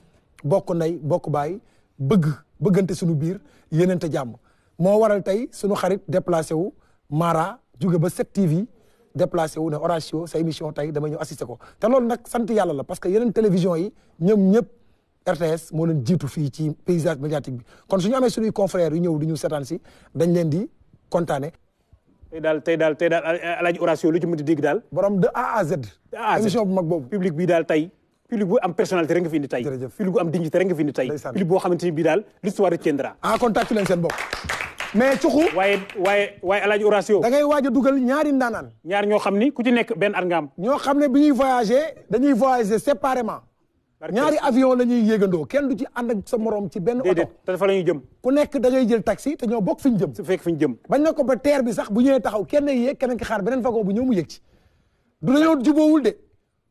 bokk nday bokk baay bëgg bëggante suñu biir yéeneente jàmm moo waral tey suñu xarit déplacé wu Mara jóge ba 7TV déplacé wu ne Horatio sa émission tey dama ñëw assisté ko te loolu nag sant yàlla la parce que yeneen télévision yi ñoom ñëpp RTS moo leen jiitu fii ci paysage médiatique bi kon suñu amee suñuy confrères yu ñëw di ñu seetaan si dañ leen di kontaane tey daal tey daal tey daal Alaaji Horatio lu ci mënti dégg daal borom de A à Z public bi daal tey public bu am personnalité rek nga fi indi tey public bu am dignité rek nga fi indi tey public boo xamante ni bii daal l'histoire retiendra en ah, contact leen seen bopp mais cuxu waaye waaye waaye alaaji Horatio da ngay waaj a dugal ñaari ndaanaan ñaar ñoo xam ni ku ci nekk benn at nga am ñoo xam ne bi ñuy voyagé dañuy voyagé séparément ñaari avion lagi ñuy yéegandoo kenn du ci ànd ak sa morom ci benn oto te fa la ñuy jëm ku nekk da jël taxi te ñoo bokk fi ñu jëm su fekk fi ñu jëm bañ na ko ba teer bi sax bu ñëwee taxaw kenn yéeg keneen ki xaar beneen fagon bu ñëw mu yéeg ci du dañoo juboowul de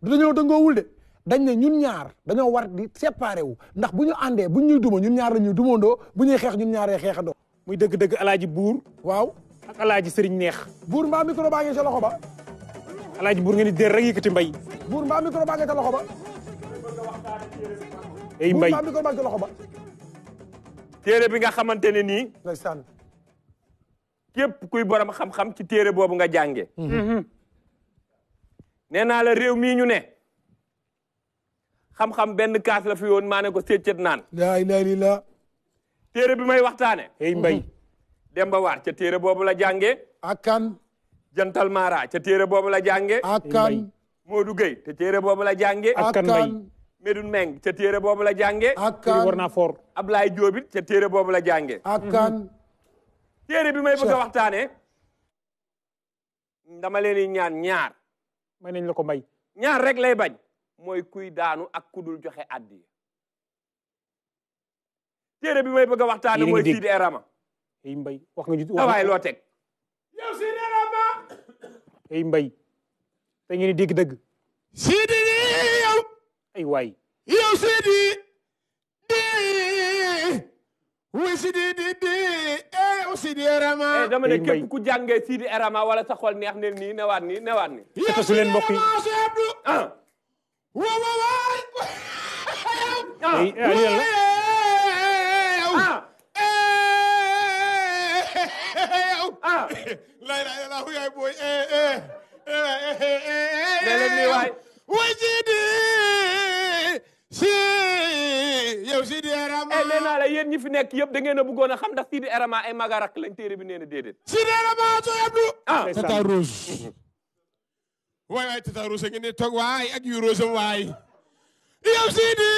du dañoo dëngoowul de dañ ne ñun ñaar dañoo war di séparé wu ndax bu ñu àndee bu ñuy duma ñun ñaar la ñuy dumandoo bu ñuy xeex ñun ñaaree xeexandoo muy dëgg-dëgg alaaji buur waaw ak alaaji sëriñ neex buur mbaa micro baa ngi sa loxo ba alaaji buur ngeen di dér rek yëkkati mbay buur mbaa micro baa ngi loxo ba ay mbay téere bi nga xamante ne nii. képp kuy borom xam-xam ci téere boobu nga jànge mhm. nee naa la réew mii ñu ne. xam-xam benn kaas la fi woon maa ne ko séccet naan. laa téere bi may waxtaane ay mbay. Mhm. Demba War ca téere boobu la jànge akan Jantal Mara ca téere boobu la jànge akan Modou te téere boobu la jànge akan mbay Medoune Meng ca téere boobu la jànge ak kan war naa for ca téere boobu la jànge ak kan mm-hmm. bi may bëgg a waxtaanee dama leen ñaan ñaar may nañ la ko mbay ñaar rek lay bañ mooy kuy daanu ak kudul joxe addi téere bi may bëgg a waxtaane mooy Sidi Erama ey mbay wax nga ju loo teg yow mbay te ngeen di dëgg Sidi ay waay yow sidi di wu sidi di di yow sidi erama dama ne képp ku jàngee sidi erama wala sa xol neex ne nii newaat nii newaat nii yow sidi erama si abdu wa wa waay ah la la la yaay booy eh eh eh eh eh wajidi si yow Sidi Erama. eh nee naa la yéen ñi fi nekk yëpp da ngeen a bëggoon a xam ndax Sidi Erama ay magarak lañ téere bi nee na déedéet. Sidi Erama sooy abdu. ah, ah tata Rose. waay waay tata Rose ngeen di toog waay ak yu Rose am waay. yow Sidi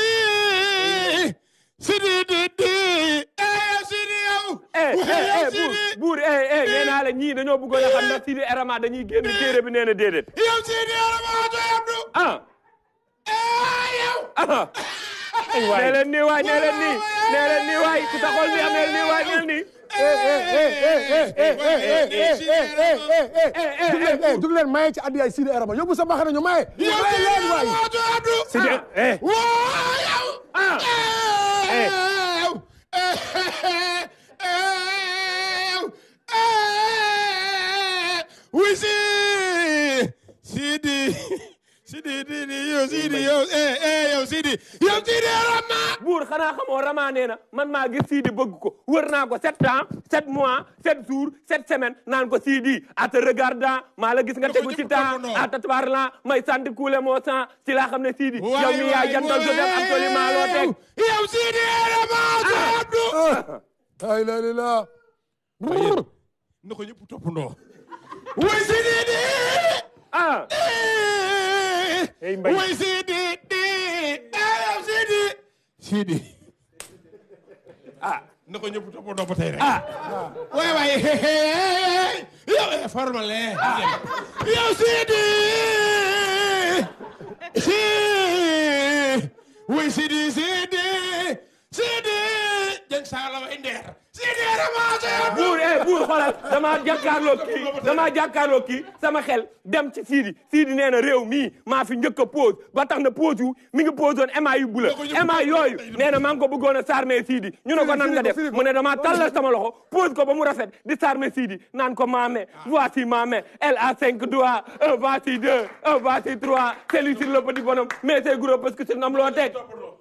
Sidi di di eh Sidi yow. Eh, eh, yow eh, Sidi buur buur eh eh nee naa la ñii dañoo bëggoon a xam ndax Sidi Erama dañuy génn téere bi nee na déedéet. yow Sidi Erama sooy abdu. ah. ah. aywaay nee leen nii waay nee leen nii nee leen nii waay ku sa xol bi amee nii waay nee nii. jug leen maye ci addiya Sidi Erama yóbbu sa mbaxana ñu maye. maye leen waay. Sidi ah. wisi Sidi. Sidi Sidi yow Sidi yow eh eh yow Sidi yow Sidi Rama. buur xanaa xamoo Rama nee na man maa gis Sidi bëgg ko wër naa ko sept ans sept mois sept jours sept semaines naan ko Sidi à te regardant maa la gis nga tegu ci temps à te parlant may sant kuule moo sant ci laa xam ne Sidi. yow mi yaa jantal ko def absolument loo teg. yow Sidi Rama. ah Abdou. ay la la la. na ko ñëpp toppandoo. way Sidi. Ah. Hey, when she did, did. Ah, she did. Ah. na ko ñëpp toppatoo ba ah waaye waaye You formal lee. see we see oui see Sidi Dieng Saala way ndeer Sidi Ramacé. buur eh buur xoolal damaa jàkkaarloo kii damaa jàkkaarloo kii sama xel dem ci Sidi Sidi nee na réew mii maa fi njëkk a pose ba tax na pose mi ngi pose woon ema yu bula ema yooyu nee na maa ngi ko bëggoon a sarmee Sidi ñu ne ko nan nga def mu ne damaa tallal sama loxo pose ko ba mu rafet di sarmee Sidi naan ko maame voici maame elle a cinq doigts un voici deux un voici trois celui sur le petit bonhomme mais c'est gros parce que c'est nam loo teg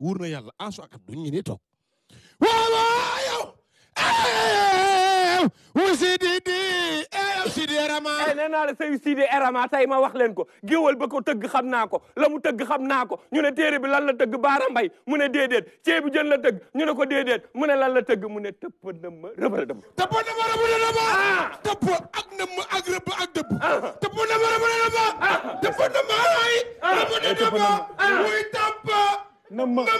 wóor na yàlla en soit duñ ñu to toog waaw waaw yow eh, wu Sidi di ew Sidi Erama eh, eh, nee naa la say Sidi Erama tey ma wax leen ko géwal ba ko tëgg xam naa ko la mu tëgg xam naa ko ñu ne téere bi lan la tëgg baara mbay mu ne déedéet ceebu jën la tëgg ñu ne ko déedéet mu ne lan la tëgg mu ne tëpp ndëmm rëbal dëmm tëpp ndëmm rëbal dëmm ah! tëpp ak ndëmm ak rëbb ak na ma na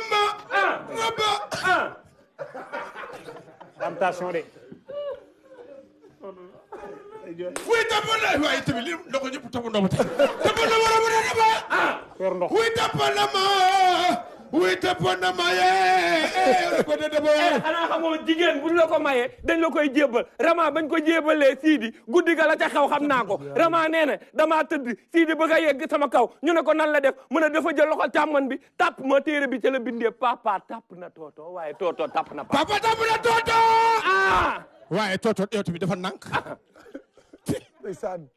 ba am tension de wuy tapal na waaye tamit li ah. ndox ñëpp tapal ndox ma tapal ma wuy tëppoon na maye. Eh, eh, xanaa xamoo jigéen bu la ko maye dañ la koy jébbal rama bañ ko jébbalee siidi guddi ga la ca xew xam naa ko rama nee na damaa tëdd siidi bëgg a yegg sama kaw ñu ne ko nan la def mu ne dafa jël loxo càmmoñ bi tàpp ma téere bi ca la bindee papa tàpp na tooto waaye tooto tàpp na papa. papa tàpp na tooto. bi ah! waaye tooto yow tamit dafa nànk. <laughs>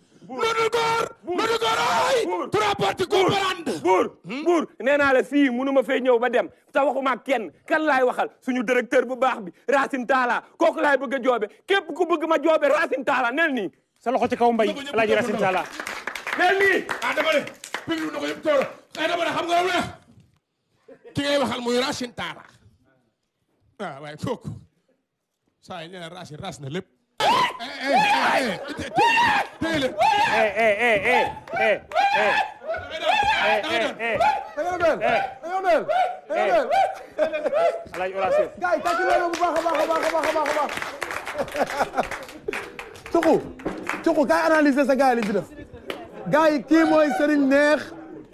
noonu góor noonu góor ay trois parties buur hmm? buur nee naa la fii munu ma fay ñëw ba dem te ma kenn kan laay waxal suñu directeur bu baax bi Racine Talla kooku laay bëgg a joobe képp ku bëgg ma joobe Racine Talla nel nii sa loxo ci kaw mbay alaaji Racine Talla nel nii ah dama ne ko yëpp tooro ay dama ne xam nga la ki ah, na lépp ايه kii mooy Serigne Neex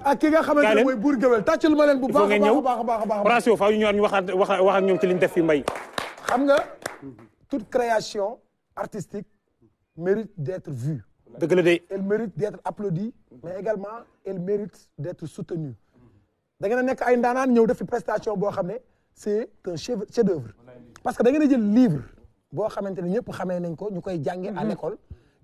ak ki nga xamante ne mooy buur géwél tàccul ma leen bu baax a baax a baax a baax Horacio faaw ñu ñëwaat ñu waxaat wax ñoom ci li def fi mbay xam nga toute création artistique mérite d'être vue. Elle mérite d'être applaudie, mais également elle mérite d'être soutenue. da vous a ay prestation c'est un chef dœuvre parce que vous avez un jël livre vous avez ne ñëpp xamee nañ ko ñu à mhm. l'école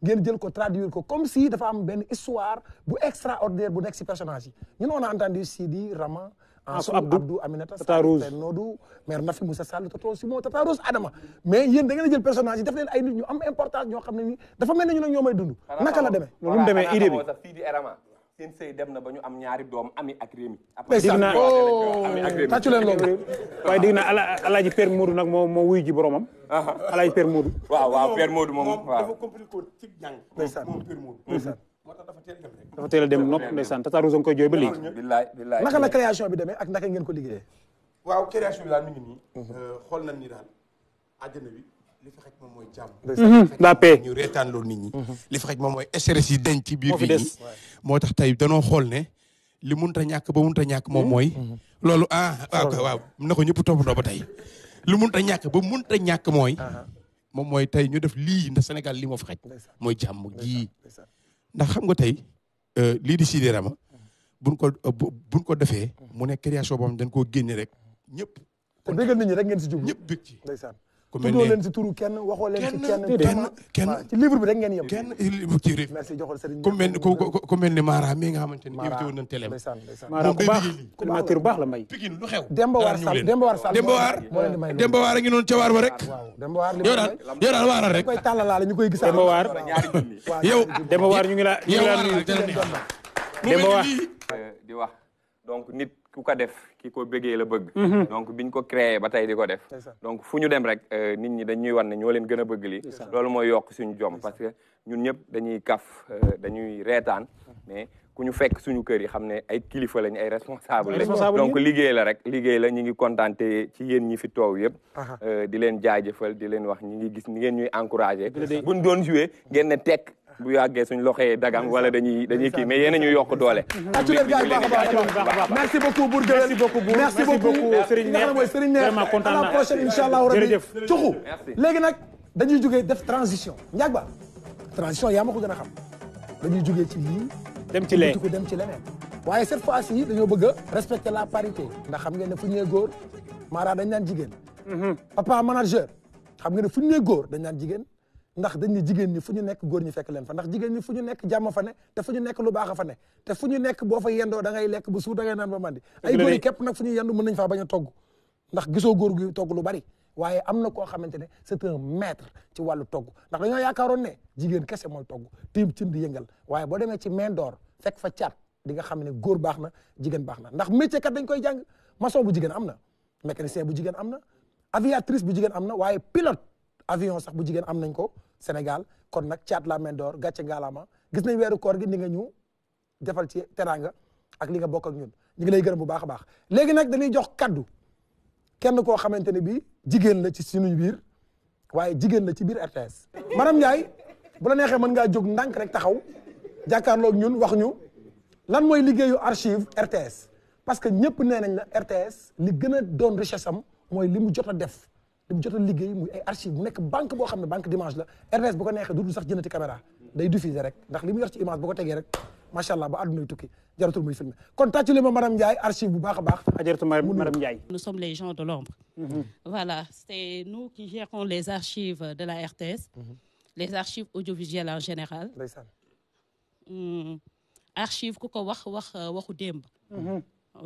ngeen jël ko traduire comme si dafa am une histoire extraordinaire bu nekk personnage Nous ñun on a entendu Sidi Rama Ansu ah, Abdou Abdou Aminata Tata Rose Noodou mère Nafi Moussa Sall Toto Simon Tata Rose Adama mais yéen da ngeen a jël personnage def leen ay nit ñu am ne ni dafa mel ne ñu nag ñoo may dund naka la demee loolu mu demee bi sax fii di dem na ba ñu am ñaari doom Ami ak Rémi dig na oh. tàccu leen loolu waaye dig naa alaaji Père Modou nag moo moo wuyu ji boromam alaaji Père Modou waaw waaw Père Modou moom waaw dafa compliqué ci jàng moom moo tax dafa a dem nopp ndeysaan Tata Rose nga koy jooy ba léegi billaay billaay naka la création bi demee mhm. euh, xool nañ ni daal àjjana bi li fi xaj moom mooy jàmm mhm. la paix ñu reetaan loolu nit ñi mhm. li fi xaj moom mooy stress yi denc ci biir fii moo tax tey danoo xool ne li mun ta ñàkk bo mënut a ñàkk moom mooy loolu ah waaw waaw na ko ñëpp toppandoo ba tey li mënut a ñàkk ba mënut a ñàkk mooy moom mooy tey ñu def lii ndax Sénégal lii moo fi xaj mooy jàmm gii ndax xam nga tey euh, lii di Sidi Rama buñ ko euh, buñ ko defee mu ne création boobu dañ koo génne rek ñëpp. kon béykat nit ñi rek ngeen si jublu ñëpp bëgg ci ndeysaan ku mel ne tuddoo leen si turu kenn waxoo leen kenn kenn kenn bi rek ngeen yem. kenn ci ré. merci joxol mel ku Mara mi nga xamante ne invité woon nañ télé. Mara ku baax animateur bu a ngi noonu ca waar ba rek. Demba War yow daal yow daal waaral rek. ñu koy tàllalaale ñu koy gisaa. Demba <laughs> ngi la ñu ngi la nuyu. Demba War eh, di wax donc nit ku ka def. ki ko bëggee la bëgg mhm. donc biñ ko créé ba tey di ko def donc fu ñu dem rek euh, nit ñi dañuy wan ne ñoo leen gën a bëgg li loolu mooy yokk suñu jom parce que ñun ñëpp dañuy kaf euh, dañuy reetaan mais ku ñu fekk suñu kër yi xam ne ay kilifa lañ ay responsable lañ donc liggéey la rek liggéey la ñu ngi kontaan ci yéen ñi fi toow yëpp euh, di leen jaajëfal di leen wax ñi ngi gis ni ngeen ñuy encouragé doon joué ngeen ne tekk bu yàggee suñ loxo yi dagang wala dañuy kii mais yéen a ñu yokk doole. accu leen gars yi a baax merci beaucoup Bour Gueweul merci beaucoup merci beaucoup transition njaag transition yaa ma ko a xam dañuy jógee ci lii dem ci lee dem ci leneen waaye cette fois ci dañoo bëgg a respecter la parité ndax xam ngeen ne fu ñu nee góor maanaam dañ naan jigéen mhm. papa manager xam ngeen ne fu ñu nee góor dañ jigéen ndax dañ ne jigéen ñi fu ñu nekk góor ñi fekk leen fa ndax jigéen ñi fu ñu nekk jàmm fa ne te fu ñu nekk lu baax fane te fu ñu nekk boo fa yendoo da lekk bu suur da ngay naan ba mandi ay góor yi képp nag fu ñu yendu mën nañ faa bañ a togg ndax gisoo góor gu togg lu bari waaye am na koo xamante ne c'est un maître ci wàllu togg ndax dañoo yaakaaroon ne jigéen kese mooy togg tiim cin di yëngal waaye boo demee ci main door fekk fa caat di nga xam ne góor baax na jigéen baax na ndax métier kat dañ koy jàng maso bu jigéen am na mécanicien bu jigéen am na aviatrice bu jigéen am na waaye pilote avion sax bu jigéen am nañ ko Sénégal kon nag caat la main d'or gàcce ngaalaama gis nañ weeru koor gi ni nga ñu defal ci teraanga ak li nga bokk ak ñun ñu ngi lay gërëm bu baax a baax léegi nag dañuy jox kaddu kenn koo xamante ne bii jigéen la ci suñu biir waaye jigéen la ci biir RTS. madame Ndiaye bu la neexee mën ngaa jóg ndànk rek taxaw jàkkaarloog ñun wax ñu lan mooy liggéeyu archive RTS parce que ñëpp nee nañ la RTS li gën a doon richesse am mooy li mu jot a def. jot a liggéey muy ay archive mu nekk banque boo xam ne banque d'image la RDS bu ko neexee dootul sax jëndati caméra day diffuser rek ndax li mu yor ci image bu ko tegee rek macha allah ba àdduna yu tukki jaratul muy filmé kon tàccule ma madame Ndiaye archive bu baax a baax. Ah, ma madame Ndiaye. nous sommes les gens de l'ombre mm -hmm. voilà c'est nous qui gérons les archives de la RTS. Mhm. les archives audiovisuelles en général. ndeysaan. Hmm, archive ku ko wax wax waxu démb. Mhm.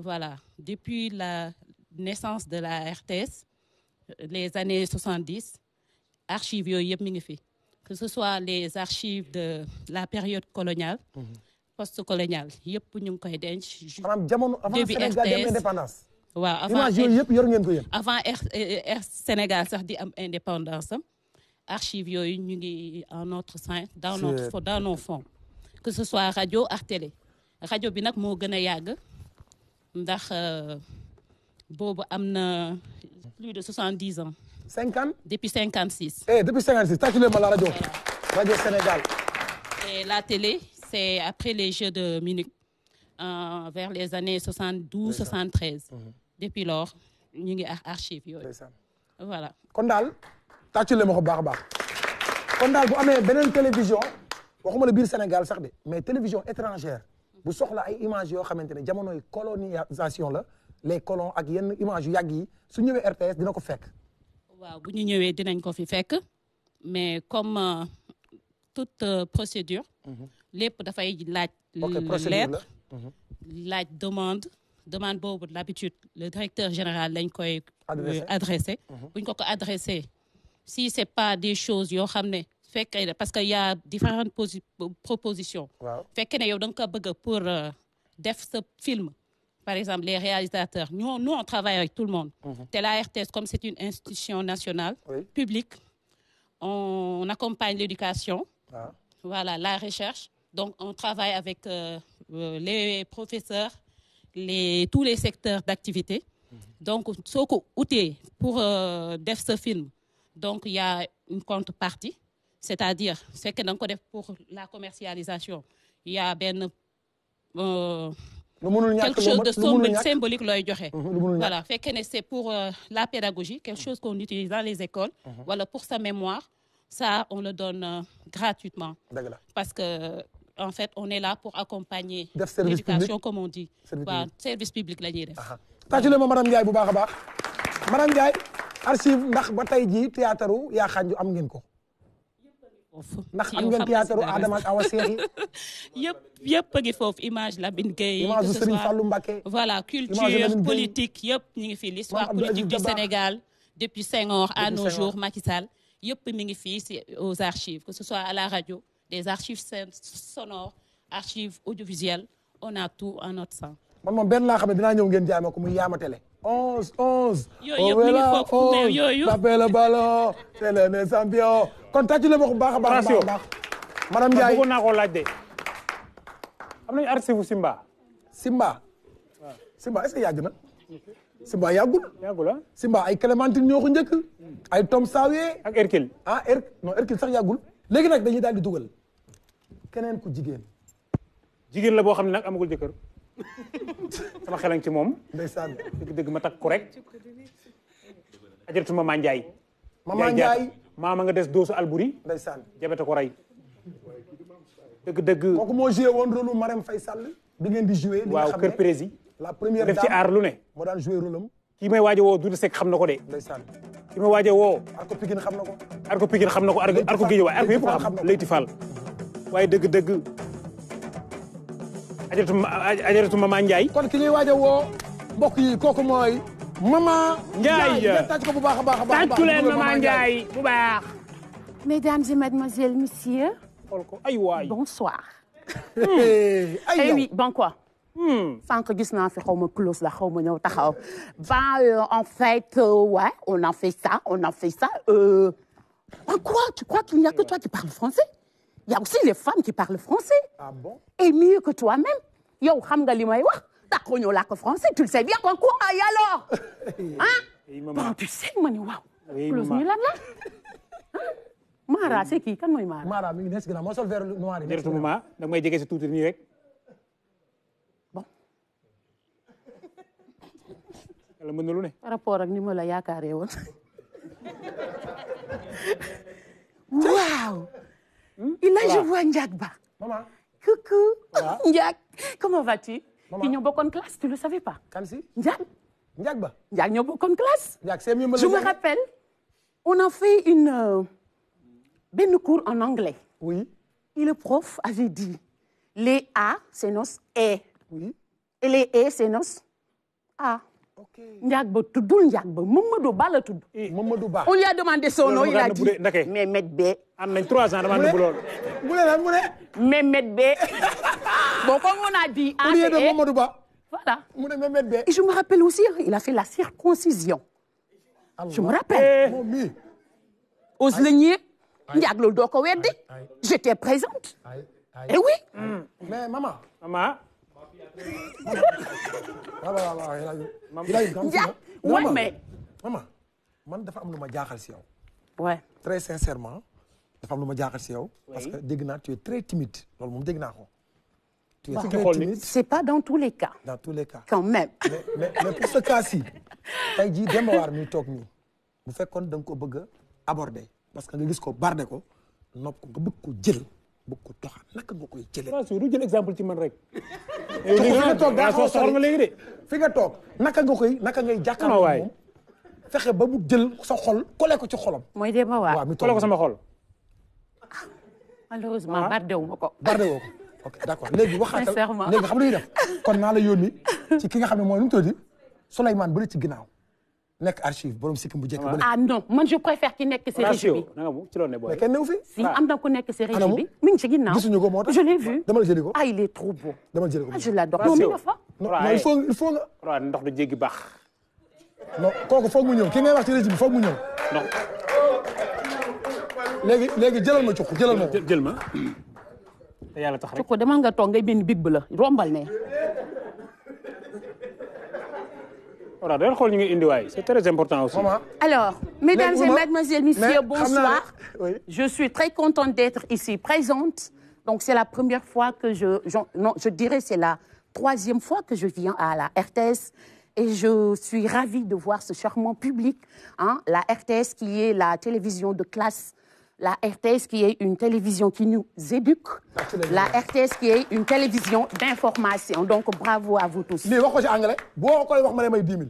voilà depuis la naissance de la RTS les années 70 archives yooyu yëpp mi ngi fi que ce soit les archives de la période coloniale. Mhm. post coloniale yëpp ñu koy denc. jamono avant Sénégal dem indépendance. waaw avant image yor ngeen ko yéen. avant eh, Sénégal sax di am indépendance archives yoy ñu ngi en notre sein. dans notre dans nos fonds. que ce soit radio ak télé rajo bi nak mo gëna a ndax euh, bobu amna plus de 70 ans. 50 Depuis 56. Eh, depuis 56, t'as tué la radio. Radio Sénégal. la télé, c'est après les Jeux de Munich, euh, vers les années 72-73. Mhm. Depuis lors, nous ngi archive voilà. Kondal, t'as tué mot ko Kondal, vous avez une télévision, bu télévision waxuma avez Sénégal mais télévision étrangère Vous avez une images vous avez une colonisation les colons ak yenn image yu yàgg yi su ñëwé RTS dina ko fekk. waaw bu ñu ñëwé dinañ ko fi fekk mais comme euh, toute euh, procédure. Mhm. lépp dafay laaj. lettre mhm. laaj demande. demande bobu l'habitude le directeur général lañ koy. adressé euh, mhm. buñ ko ko adressé. si c'est pas des choses yo xamné fekk parce que y a différentes propositions. fekk né yow da nga ko bëgg pour def ce film par exemple, les réalisateurs. Nous, on travaille avec tout le monde. Mhm. tel la comme c'est une institution nationale, publique, on, accompagne l'éducation, ah. voilà, la recherche. Donc, on travaille avec euh, euh, les professeurs, les, tous les secteurs d'activité. Mhm. Donc, ce pour ce euh, film, donc il y a une contrepartie, c'est-à-dire ce que pour la commercialisation, il y a ben quelque chose de symbolique. Voilà, fait que c'est pour euh, la pédagogie, quelque chose qu'on utilise dans les écoles, mhm. pour sa mémoire. Ça, on le donne euh, gratuitement. Parce que, euh, en fait, on est là pour accompagner l'éducation, comme on dit. Service, public. service public. la madame Diaye archive théâtre ndax am ngeen théâtre Adama ak Awa Seex yi <laughs> yëpp yëpp a ngi foofu image Lamine gay. image Serigne Fallou Mbacké voilà culture politique yëpp ñu ngi fii l'histoire politique du Sénégal depuis Senghor à nos jours Macky Sall yëpp mi ngi fii si aux archives que ce soit à la radio des archives sonores archives audiovisuelles on a tout en notre sang man moom benn laa xam ne dinaa ñëw ngeen jaay ma ko muy yaama télé 11 11. yooyu yëpp mi ngi foofu mais yooyu tapez le ballon kon tàccu la ma ko baax a baax a baax. madame Ndiaye naa koo laaj de. am nañu bu Simba. Simba. Simba est-ce que yàgg na. Simba yàggul. Simba ay Clémentine ñoo ko njëkk. ay Tom Sawyer. ak Hercule. ah Her sax yàggul. léegi nag dañuy daal di dugal. keneen ku jigéen. jigéen la boo xam ne nag amagul jëkkër. <laughs> sama xelan ci moom. ndeysaan dëgg dëgg ma takk ko rek. ajaratu ma maa Ndiaye. maman Ndiaye maama nga des doosu Alburi. ndeysaan jabete ko rey. dëgg dëgg. kooku moo joué woon rôle lu Marème Faye Sall. bi ngeen di joué. li nga xam ne waaw kër prési. la première dame def ci aar lu ne. moo daan joué rôle am. kii woo Doudou Seck xam na ko de. ndeysaan kii may waaj a woo. Arko Pikine xam na ko. Arko Pikine xam na ko Arko Guédiawaye Arko yëpp xam Leyti Fall waaye dëgg dëgg ajaratu ajaratu maman Ndiaye kon ki ñuy waaj wo woo mbokk yi kooku mooy maman Ndiaye tàcc ko bu baax a baax a baax maman Ndiaye bu baax mesdames et mademoiselles messieurs xool ay waay bonsoir <laughs> ay eh oui bon quoi hmm. sànq gis naa fi xaw ma close la xaw ma taxaw ben en fait euh, ouais on a fait ça on a fait ça euh, en quoi tu crois qu'il n'y a que toi qui parles français y a aussi les femmes qui parlent français. Ah bon Et mieux que toi-même. Yo, sais nga li la français tu le sais bien quoi alors <laughs> hein bon tu sais ma plus ni hein? Mara c'est qui Mara Mara je suis là, gannaaw noir ma bon rapport ak et là, je vois Ndiagba. Maman. Coucou. <laughs> Ndiag, comment vas-tu n'y a pas de classe, tu ne le savais pas. Comme si Ndiak. Ndiagba. Il y a n'ont pas de classe. Je me rappelle, on a fait une, euh, belle cours en anglais. Oui. Et le prof avait dit, les A, c'est nos E. Oui. Et les E, c'est nos A. Ndiak ba tuddul Ndiak ba Mamadou Ba la tudd. Eh, Mamadou Ba on lui a demandé son nom il a dit Mehmet Bey. am nañ trois ans dama dugg loolu. mu ne la mu ne. Mehmet Bey. <laughs> bon comme on a dit. on lui a donné Mamadou Ba. voilà mu ne et je me rappelle aussi il a fait la circoncision. je me rappelle. Eh. moom mii. ose la ñëwee. ko weddi. j'étais présente. et eh oui. Mm. mais maman. maman ouais mais. maman man dafa am lu ma jaaxal si yow. ouais très sincèrement dafa am lu ma jaaxal si yow. parce que dégg naa tu es très timide loolu moom dégg naa tu es très timide c'est pas dans tous les cas. dans tous les cas quand même. <laughs> mais mais pour ce cas-ci tey jii Demba War mi toog nii bu fekkoon da ko bëgg aborder parce que nga gis ko barde ko nopp ko nga bëgg ko jël. bëgg ku toxa naka nga koy jëlee. Mansour du exemple ci man rek. fi <laughs> nga toog daa xaw fi nga toog naka nga koy naka ngay jàkkaarloo moom fexe ba mu jël sa xol kole ko ci xolam. mooy Demba waaw waaw mi kole ko sama xol. Ah, malheureusement bardewu ma ko. bardewu ko ok d' accord léegi waxaatal léegi xam nga lu ñuy def kon naa la yónni ci ki nga xam ne mooy nu mu tudd Souleymane bëri ci ginnaaw. Nek archive borom sikum bu jek bu nek. ah non man je préfère ki nekk si régie bi. mais kenn newu fi. si ah. am da ko nek si régie bi. mi ngi ci ginnaaw gisuñu ko moo je l'ai vu dama jëli ko. ah il est trop beau. dama jëli ko ah, je l'adore. non mi fa. non il faut il faut nga. ndox du jéggi bax. non kooku foog mu ñew. ki ngay wax ci régie bi foog mu ñew. non. léegi léegi jëlal ma ci cukku jëlal ma jël ma. te tax rek ko demal nga toog ngay benn big bu la rombal ne. C'est très important aussi. Alors, mesdames et mademoiselles, messieurs, bonsoir. Je suis très contente d'être ici présente. Donc, c'est la première fois que je. non, je dirais c'est la troisième fois que je viens à la RTS. Et je suis ravie de voir ce charmant public. Hein, la RTS qui est la télévision de classe la RTS qui est une télévision qui nous éduque, la RTS qui est une télévision d'information. Donc bravo à vous tous. Mais anglais, si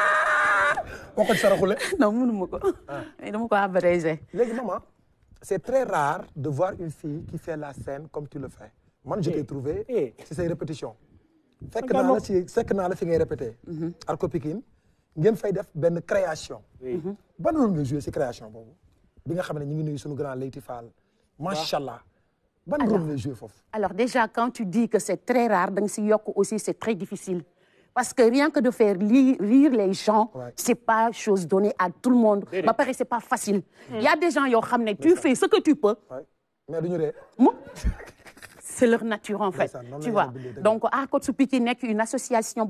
koo ko ci non mënu ma ko. Ah. dama ko abrégé. léegi maman c'est très rare de voir une fille qui fait la scène comme tu le fais man je eh. t'ai trouvé. Eh. C'est une répétition fekk naa la ci fekk naa la fi ngay répété. Mhm. Arco Pikine ngeen fay def Ben création. Mhm. ban rôle nga joue, ces création boobu. bi nga xam ne ñu ngi nuyu suñu grand Leyti Fall. macha allah rôle alors déjà quand tu dis que c'est très rare da si yokk aussi c'est très difficile. Parce que rien que de faire lire, rire les gens, ce c'est pas chose donnée à tout le monde. Ma ce c'est pas facile. Il mm. y a des gens, ont ramené, tu fais ce que tu peux. C'est leur nature, en fait. tu vois. Donc, Arcot Soupiki n'est qu'une association,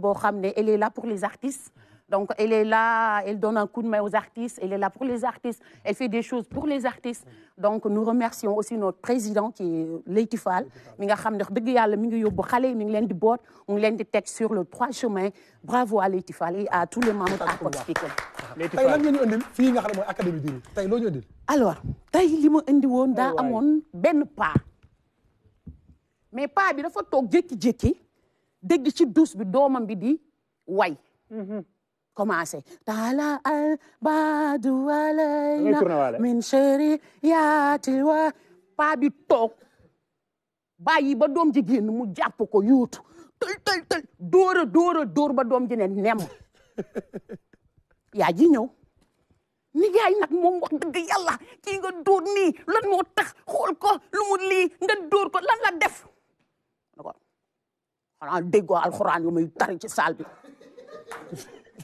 elle est là pour les artistes. Donc, elle est là, elle donne un coup de main aux artistes, elle est là pour les artistes, elle fait des choses pour les artistes. Donc, nous remercions aussi notre président qui est Leïti Fall. Mi nga xam ne dëgg yàlla mi ngi yóbbu xale mi ngi leen di boot mu ngi leen di teg sur le trois chemins bravo à Leïti Fall et à tous les membres de Artpop People. Leïti Fall tey lan ngeen ñu nga xam académie Diri tey loo ñu indil. alors tey li ma indi woon daa oh, amoon benn pas mais pas bi dafa toog jékki-jékki dégg ci douche bi doomam bi di way. Mm-hmm. commencé taala al badu alayna ¿eh? min shariyatil wa paa bi toog bàyyi ba doom ji génn mu jàpp ko yuutu tël tël tël dóor a dóor a dóor ba doom ji ne nem yaa ji ñëw nijaay nag moom wax dëgg yàlla kii nga dóor nii lan moo tax xool ko lu mu lii nga dóor ko lan def d'accord xanaa déggoo alxuraan yu muy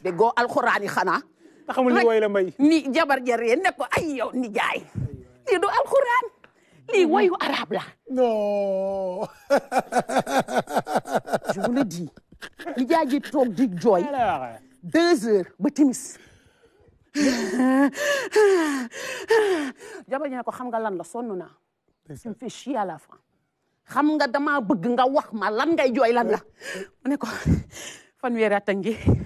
déggoo alxuraan yi xanaa. te xamul ni woy la mbay. ni jabar jaree ne ko ay yow ni jaay lii du alxuraan lii woyu arab la. non. <laughs> je ni jaay ji toog di jooy. deux heures ba timis. <laughs> jabar ji ne ko xam nga lan la sonn naa. ça me fait à la fin. xam nga dama bëgg nga wax ma lan ngay jooy lan la. Eh, eh. mu ne ko <laughs> a ngi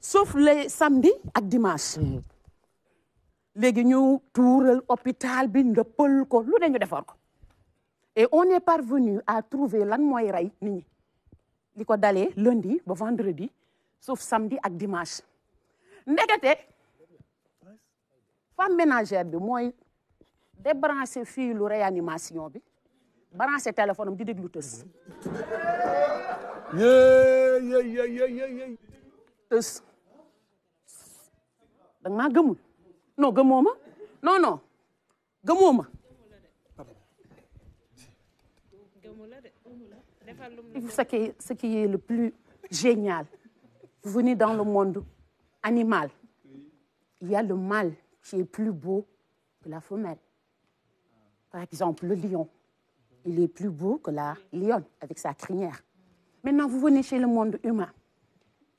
sauf les samedi et dimanche. Mm. léegi ñu tuural hôpital bi ndëppal ko lu ne ñu ko. et on est parvenu à trouver lan mooy est nit lundi ba vendredi sauf samedi ak dimanche. Négaté, femme ménagère de moi débranché fil lu réanimation bi branché téléphone am di déglu tës non non non Ce qui, ce qui est le plus génial, vous venez dans le monde animal, il y a le mâle qui est plus beau que la femelle. Par exemple, le lion, il est plus beau que la lionne avec sa crinière. Maintenant, vous venez chez le monde humain,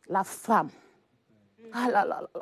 la femme. Ah là là là.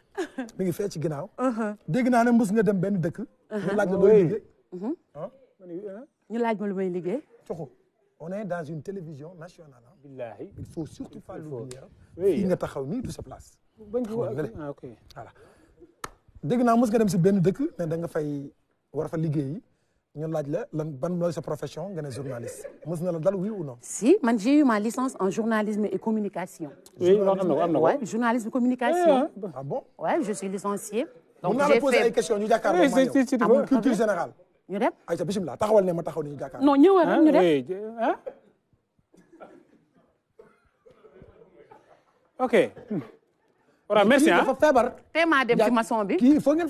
mi ngi fee ci ginnaaw. Uh-huh. dégg naa ne mës nga dem benn dëkk. Uh-huh. ñu laaj ma liggéey. Uh-huh. ñu laaj ma lu liggéey. coxo on est dans une télévision nationale. billahi il faut surtout pas l'oublier. fii nga taxaw nii du sa place. Ah, dégg naa mës nga dem si benn dëkk ne da nga fay war fa liggéey ñu la profession de journaliste Vous na oui ou non. si j'ai eu ma licence en journalisme et communication. oui am oui, Oui, journalisme et communication. ah bon ah Oui, je suis licenciée. donc j'ai fait la question, Oui, Oui, Oui, une générale. ñu non ah, ñu ah. ok. voilà merci ah dem ci il faut ngeen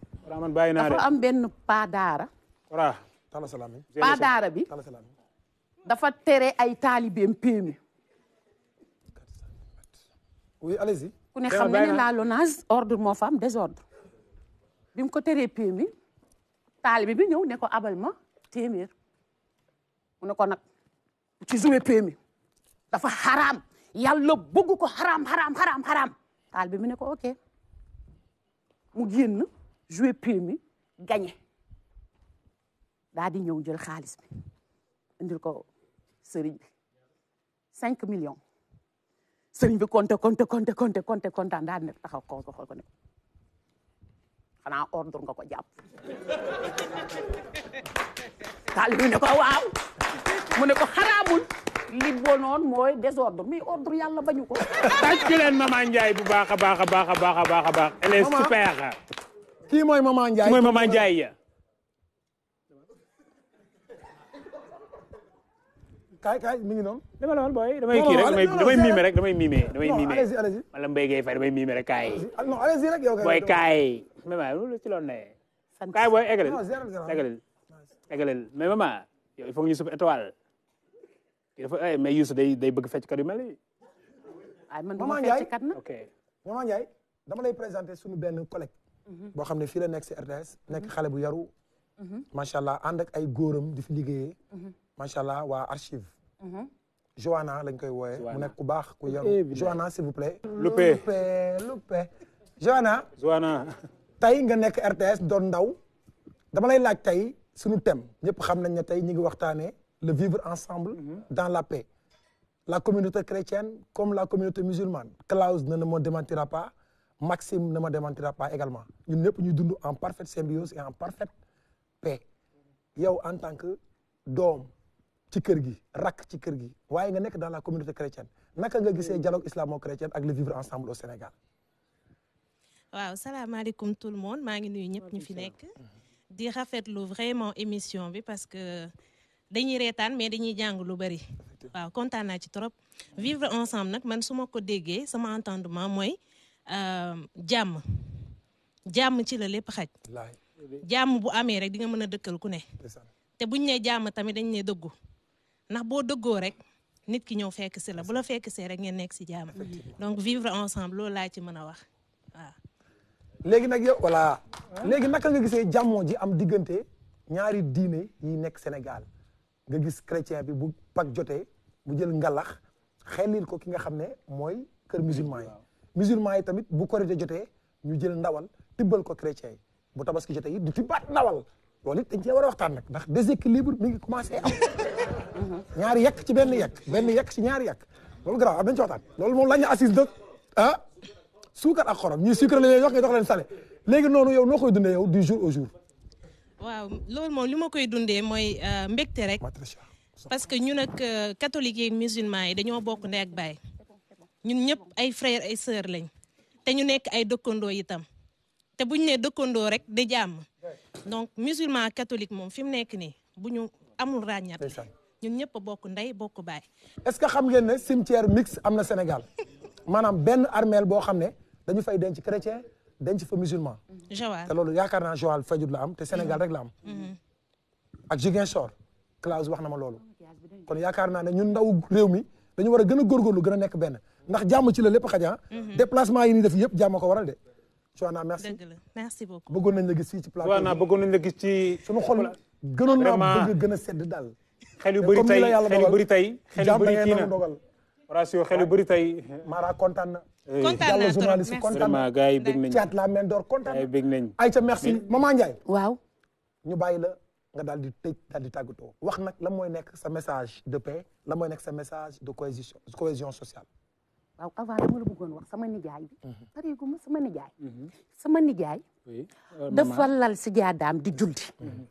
man bàyyi naa de dafa am benn paadaara. paadaara bi. dafa tere ay taalibeem péemi. ku ne xam ne la LONASE ordre moo fa am désordre. ko teree péemi. taalibe bi ñëw ne ko abal ma téeméer. mu ne ko nag ci joué péemi. dafa xaraam yàlla bëgg ko xaraam xaraam xaraam xaraam. bi ne ko ok mu génn. plus, gagner. gagner. Il di jël bi ko millions taxaw ko ne ordre nga ko ne ko mu ne ko désordre ordre bañu ko bu elle est super kii mooy maman Ndiaye kii mooy maman Ndiaye. kaay kaay mi ngi noonu. dama la wax booy damay kii rek damay miime rek damay miime damay miime. allez-y allez-y ah, booy kaay. mais maa ci loon ne. kaay booy eggalel eggalel eggalel mais maman yow il faut que Youssouf étoile. Eh, day bëgg fecc kat mel nii. ay ah, man dama dama lay présenter suñu benn collègue. Mhm. bo xamné fi la nek ci RTS nek mhm. xalé bu yaru mhm. macha allah ànd ak ay góoram di fi liggéeyee macha allah waa archive Joana lañ koy woyé mu nek ku bax ku yaru Joana s'il vous plaît Loupé Loupé Joana Joana tay nga nek RTS doon ndaw dama lay laaj tay suñu thème ñëpp xam nañ ne tey ñu ngi waxtané le vivre ensemble dans la paix la communauté chrétienne comme la communauté musulmane Klaus ne me démentira pas Maxime ne me démentira pas également ñun ñëpp ñu dund en parfaite symbiose et en parfaite paix yow en tant que doom ci kër gi rakk ci kër gi nga dans la communauté chrétienne naka nga le dialogue islamo-chrétien avec le vivre ensemble au Sénégal. salam alaikum tout le monde Je ngi nuyu ñëpp ñu fi nekk. di rafetlu vraiment émission parce que dañuy rétane mais dañuy jang lu bari. waaw kontaan naa ci trop. vivre ensemble nak man su ma ko c'est sama entendement moi. Euh, jàmm jàmm ci la lépp xaj jàmm bu amee rek di nga mën a dëkkal ku ne te bu buñ ne jàmm tamit dañ ne dëggu ndax boo dëggoo rek nit ki ñëw fekk si la bu la fekk see rek ngeen nekk si jàmm donc vivre ensemble loolu laa ci mën a wax waaw léegi nag yow voilà léegi naka nga gisee jàmmoo ji am diggante ñaari diine yi nekk Sénégal nga gis chrétien bi bu Pâques jotee mu jël ngalax xelil ko ki nga xam ne mooy kër musulman yi musulman yi tamit bu korite jotee ñu jël ndawal tibbal ko chrétien yi bu tabaski jotee it du tibbaat ndawal loolu it dañ cee war a waxtaan nag ndax déséquilibre mi ngi commencé am ñaari yekk ci benn yekk benn yekk ci ñaari yekk loolu garaaw am nañ ci loolu moom lañ ñu assise de ah, suukar ak xorom ñuy sucre la ñuy jox nga jox leen salé léegi noonu yow noo koy dundee yow du jour au jour waaw loolu moom li ma koy dundee mooy euh, mbégte rek parce que ñu nag euh, catholique yi musulman yi dañoo bokk ndey ak baay ñun ñëpp ay frère ay sœur lañ te ñu nekk ay dëkkandoo itam te bu ñu nee dëkkandoo rek di jàmm donc musulman catholique moom fi mu nekk nii bu ñu amul ràññat ñun ñëpp bokk ndey bokk baay. est-ce que xam ngeen ne cimetière mixte am na Sénégal maanaam benn armeel boo xam ne dañu fay denc chrétien denc fa musulman. Joal te loolu yaakaar naa Joal Fadiouth la am te Sénégal rek la am. Mm-hmm. Mm-hmm. ak Ziguinchor Claus wax na ma loolu. kon yaakaar naa ne ñun ndaw réew mi dañu war a gën a gën a nekk benn. ndax jàmm ci la lépp ah. mhm. déplacement yi ni def ko waral de merci merci beaucoup bëggoon nañ la gis ci plateau bëggoon nañ la gis ci xol gënoon naa bëgg gën a sedd daal xel yu bëri tey xel yu bëri tey na xel yu Mara kontaan journaliste la Mendor kontaan na bëgg nañ Aïcha merci maman Ndiaye waaw ñu bàyyi nga daal di tëj daal wax nag la mooy nekk sa message de paix la mooy sa message de cohésion cohésion sociale waaw avant dama la bëggoon wax sama nijaay bi mhm. pareegu ma sama nijaay mhm. sama nijaay euh, dafa lal si jaadaam di julli mhm.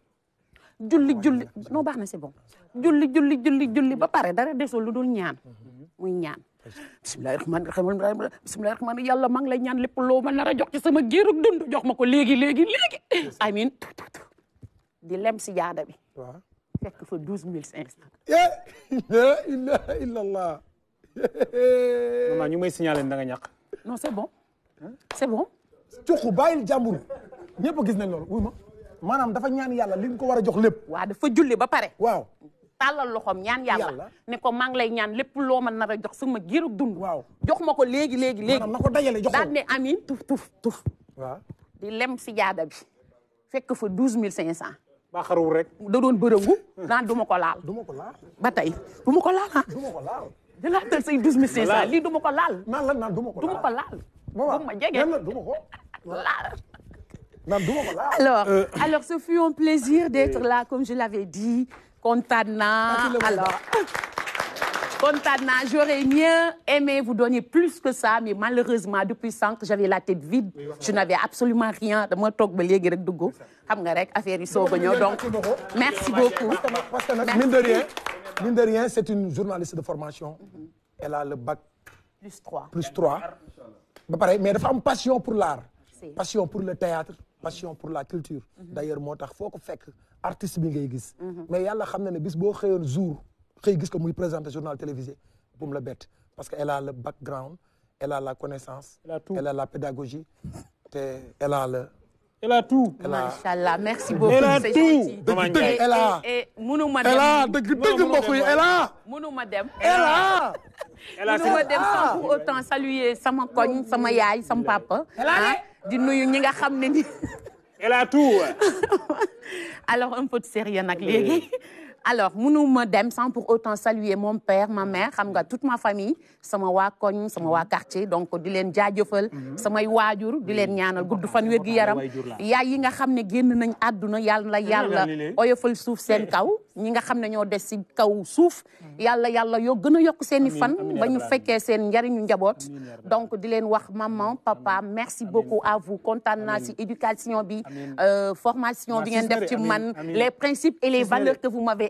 julli julli non baax na si bon julli julli julli julli ba pare dara desul lu dul ñaan muy ñaan bismillahi rahmaani rahiim bismillahi rahmaani yàlla maa ngi lay ñaan lépp loo ma nar a jox ci sama géerug dund jox ma ko léegi léegi léegi amiin di lem si jaada bi fekk fa douze mill cinq cent eh, <laughs> la ilaha illa allah <laughs> naa ñu may signaler da nga ñàkk. non c'est bon c'est bon. cuqu bàyyil jàmbur ñëpp gis nañ loolu wuy ma maanaam dafa ñaan yàlla li ko war a jox lépp. waa dafa julli ba pare. waaw. tàllal loxoom ñaan yàlla ne ko maa ngi lay ñaan lépp loo ma nar a jox sama giirug dund. waaw jox ma ko léegi léegi léegi. maanaam na ko dajale jox ko daal ne amiin tuf tuf tuf. waaw di lem si jaada fekk fa douze mille cinq cent. ba xaruwul rek. da doon bërëngu. naan duma ko laal. du ko laal ba tey du ko laal ah. jëlaatal say douze mille cinq cent lii du ma ko laal. naan la naan du ma ko laal du ma ko laal. bu ma jege naan du ko laal. naan du ko laal. alors euh. alors ce fut un plaisir d'être euh. là comme je l'avais dit kontaan alors. kontaan j'aurais mieux aimé vous donner plus que ça mais malheureusement depuis sànq j'avais la tête vide je n'avais absolument rien dama toog ba léegi rek dugg xam nga rek affaire yi soog a ñëw donc merci beaucoup. merci mine de rien c'est une journaliste de formation. Mhm. elle a le bac. plus 3 plus 3. ba pare mais passion pour l'art passion pour le théâtre mhm. passion pour la culture. Mhm. d'ailleurs il faut que l'artiste soit artiste mais elle a na bis jour xëy gis ko muy journal télévisé pour me la bête, parce qu'elle a le background elle a la connaissance. elle a elle a la pédagogie elle a le. Elle a tout. Elle merci beaucoup. Elle a tout. elle a. tout Elle a elle a. Elle a. Ah, elle a tout. autant saluer papa. Elle a tout. Elle a tout. Alors un peu de sérieux alors nous dem sans pour autant saluer mon père ma mère xam nga toute ma famille sama wa koñ sama wa quartier donc di len jaajëfal mhm. samay waajur di len mhm. ñaanal gudd fan wér gi yaram yaay yi nga xam ne génn nañ àdduna yàlla yàlla oyofal suuf sen kaw ñi nga xamne ne dess ci kaw suuf mhm. Yalla Yalla yo gëna yok yokk fan bañu ñu fekkee seen njariñu njaboot donc di len wax maman papa merci beaucoup à vous kontaan éducation bi euh, formation bi ngeen def ci man les principes et les valeurs que vous m'avez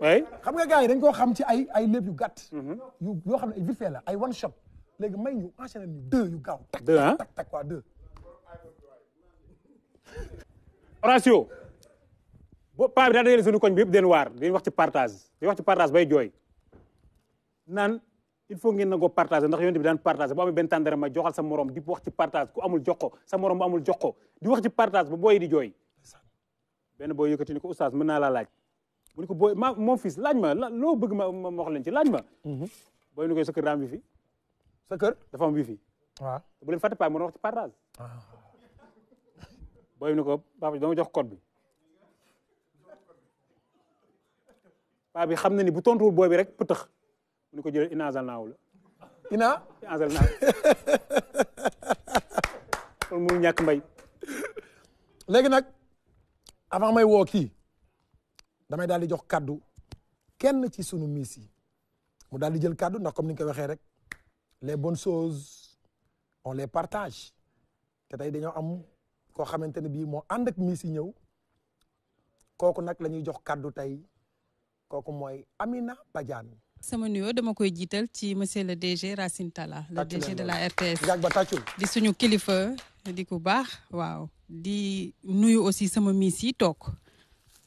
oui xam nga gars yi dañ koo xam ci ay ay léeb yu gàtt. Mhm. yu yoo xam ne ay vite fait la ay one shot léegi may ñu enchaîné ñu deux yu gaaw. deux ah tak tak quoi deux. ratio. boo paa bi daa dajale suñu koñ bi yëpp den waar dañuy wax ci partage dañuy wax ci partage bay jooy naan il faut ngeen nangoo partage ndax yonent bi daan partage bu benn tàndara ma joxal sa morom di wax ci partage ku amul jox ko morom amul jox ko di wax ci partage ba booy di jooy. benn boo yëkkati ni ko oustaz mën naa laa laaj. mu ne ko booy ma mon fils laaj loo bëgg ma ma wax leen ci laaj ma. Mhm. booy ni koy sa kër daa am wifi. sa kër dafa am wifi. waaw bu leen fàtte paa mu doon wax ci partage. Ah. booy ni ko papa jox code bi. xam na ni bu tontu booy bi rek pëtëx mu ne ko jëlee inaazal naaw la. ina inaazal naaw. kon <laughs> mu ñàkk mbay. léegi nag avant may woo kii. damay daal di jox cadeau kenn ci sunu miis yi mu daal di jël cadeau ndax comme ni nga waxé rek les bonnes choses on les partage te tey dañoo am ko xamante bi mo and ak miis yi ñëw kooku nag la jox cadeau tay koku moy Amina Badiane. sama nuyo dama koy jital ci monsieur le DG Racine Talla. le DG de la RTS di suñu kilifa di ku bax waaw. di nuyu aussi sama miis yi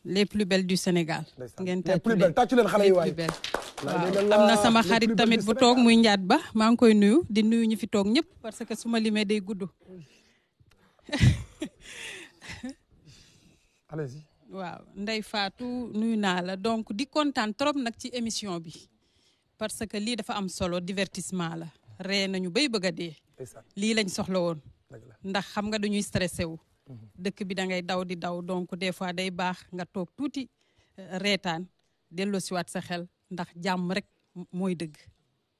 les plus belles du Sénégal. les plus belles Tu sama xarit tamit bu tok muy ba parce que suma limé <laughs> allez-y. waaw Fatou nuyu na la donc di trop nak émission bi parce que li dafa am solo divertissement la ré nañu bay bëgg dé. lañ ndax dëkk bi da ngay daw di daw donc des fois day baax nga toog tuuti euh, reetaan delloosiwaat sa xel ndax jàmm rek mooy dëgg.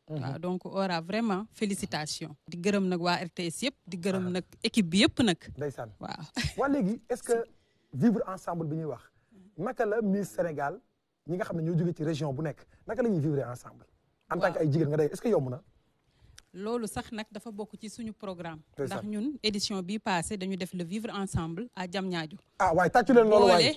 Mhm. waaw donc Aura vraiment félicitation. Mhm. di gërëm nag waa RTS yëpp. di gërëm nag équipe bi yëpp nag. ndeysaan waaw. <laughs> waa léegi est-ce que vivre ensemble bi ñuy wax naka la Miss Sénégal ñi nga xam ne ñoo jógee ci région bu nekk naka la ñuy vivre ensemble. en tant que ay jigéen nga day est-ce que yomb na. loolu sax nag dafa bokk ci suñu programme. ndax ñun édition bi passé dañu def le vivre ensemble à Diamniadio. ah waay tàccu leen loolu waay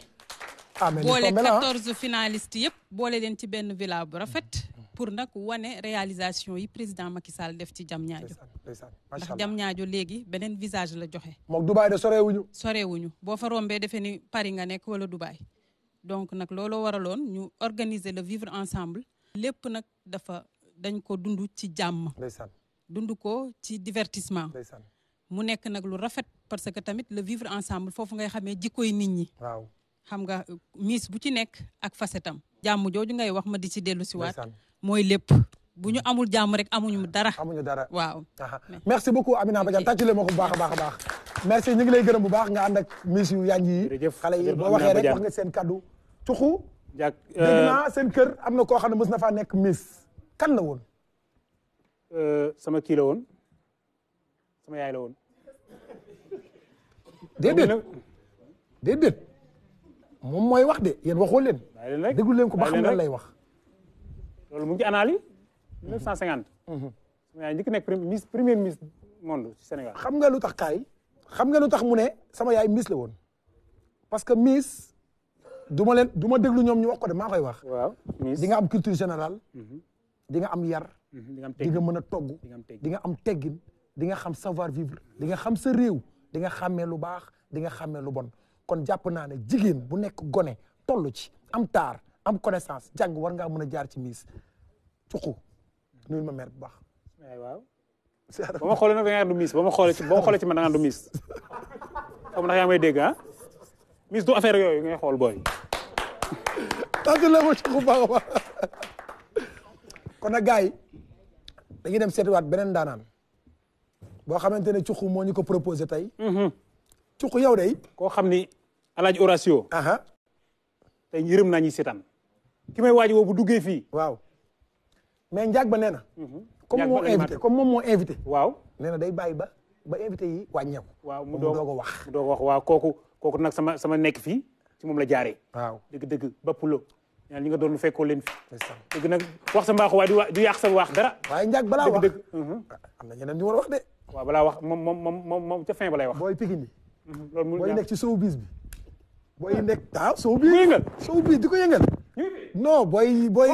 boole 14 ah, ah. finalistes yëpp boole leen ci benn villa bu rafet. pour nag wane réalisation yi président Macky Sall def ci Diamniadio. ndax Diamniadio léegi beneen visage la joxe. moom Dubaay de sorewuñu. sorewuñu boo fa rombee defee ni Paris nga nekk wala Dubaay. donc nag looloo waraloon ñu organiser le vivre ensemble. lépp nag dafa dañ ko dund ci jàmm. dund ko ci divertissement mu nekk nag lu rafet parce que tamit le vivre ensemble foofu ngay xamee jikkoy nit ñi xam nga euh, miis bu ci nekk ak facetam jàmm jooju ngay wax ma di ci dellu si waat mooy lépp bu ñu amul jàmm rek amuñu ah, dara amuñu dara waaw merci beaucoup Amina Badiane tàcc leen ma ko bu baax a baax a baax merci ñu lay gërëm bu baax nga ànd ak miis yu yànj yi xale boo waxee rek wax nga seen kaddu cuxu euh, dégg naa seen kër am na koo xam ne mës na faa nekk miis kan la woon Eh, sama kilo la sama yaay la won dedet dedet mom moy wax de yeen waxo len degul len ko ba xam lan lay wax. lolou mu ngi anali 1950. Mhm. sama yaay njëkk nekk miss premier miss monde ci senegal xam nga lutax kay xam nga lutax mu ne sama yaay miss la won parce que miss. du len duma du ñom ñu wax ko de ma koy wax. waaw di nga am culture générale. Mhm. di nga am yar. Mm-hmm. di nga mën a togg di nga am teggin di nga xam savoir vivre di nga xam sa réew di nga xàmmee lu baax di nga xàmmee lu bon kon jàpp naa ne jigéen bu nekk gone toll ci am taar am connaissance jàng war ngaa mën a jaar ci miis cuqu nuyu ma mère bu baax waaw ba ma xoolee nag da nga du miis ba ma ma xoolee ci man da nga du miis xam ndax yaa may dégg ah miis du yooyu ngay xool booy tàgg la ma cuqu baax baax kon nag gars dañuy dem seetiwaat beneen daanaan boo xamante ne cuqu moo ñu ko proposé tey. Mhm. cuqu yow de. koo xam ni El Hadj Horacio. te yërëm naa ñuy seetaan. ki may waaj woo bu duggee fii. waaw mais njaag ba nee na. Mhm. comme moo invité comme moom moo invité. waaw neena day bàyyi ba ba invité yi wàññeeku. waaw mu doog a wax mu doog a wax waaw kooku nag sama sama nekk fii ci moom la jaaree. waaw dëgg-dëgg ba pulo ñaan ñi nga doon lu fekkoo leen fi dëgg nag wax sa mbaaxu waaye du du yàq sa waax dara waaye njaag balaa wax dëgg ah, mhm. am na ñeneen ñu war a wax de waaw balaa wax moom moom moom moom moom ca fin ba lay wax booy pigin yi mhm, loolu booy nekk ci sow bis bi booy nekk waaw ah, sow bi yëngal sow bi di ko yëngal non booy booy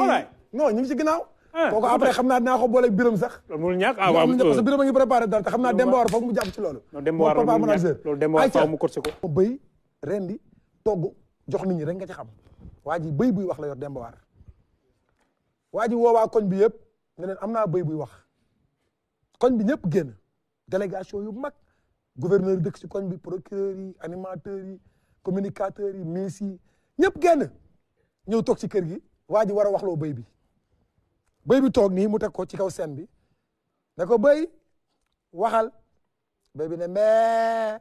non ñu ngi ci ginnaaw ah, kooku après xam naa dinaa ko boole biram sax loolu ñàkk ah waaw parce que euh, biram a ngi préparé dara te xam naa Demba War foofu mu jàpp ci loolu Demba War loolu Demba War faaw mu corsé ko bëy rendi togg jox nit ñi rek nga ci xam waa ji bëy buy wax la yor Demba War waa ji woowaa koñ bi yëpp ne am naa bay buy wax koñ bi ñëpp génn délégation yu mag gouverneur dëkk ci koñ bi procureur yi animateurs yi communicateurs yi miis yi ñëpp génn ñëw toog ci kër gi waa war a waxloo bay bi bëy bi toog nii mu teg ko ci kaw seen bi ne ko bëy waxal bay bi ne mais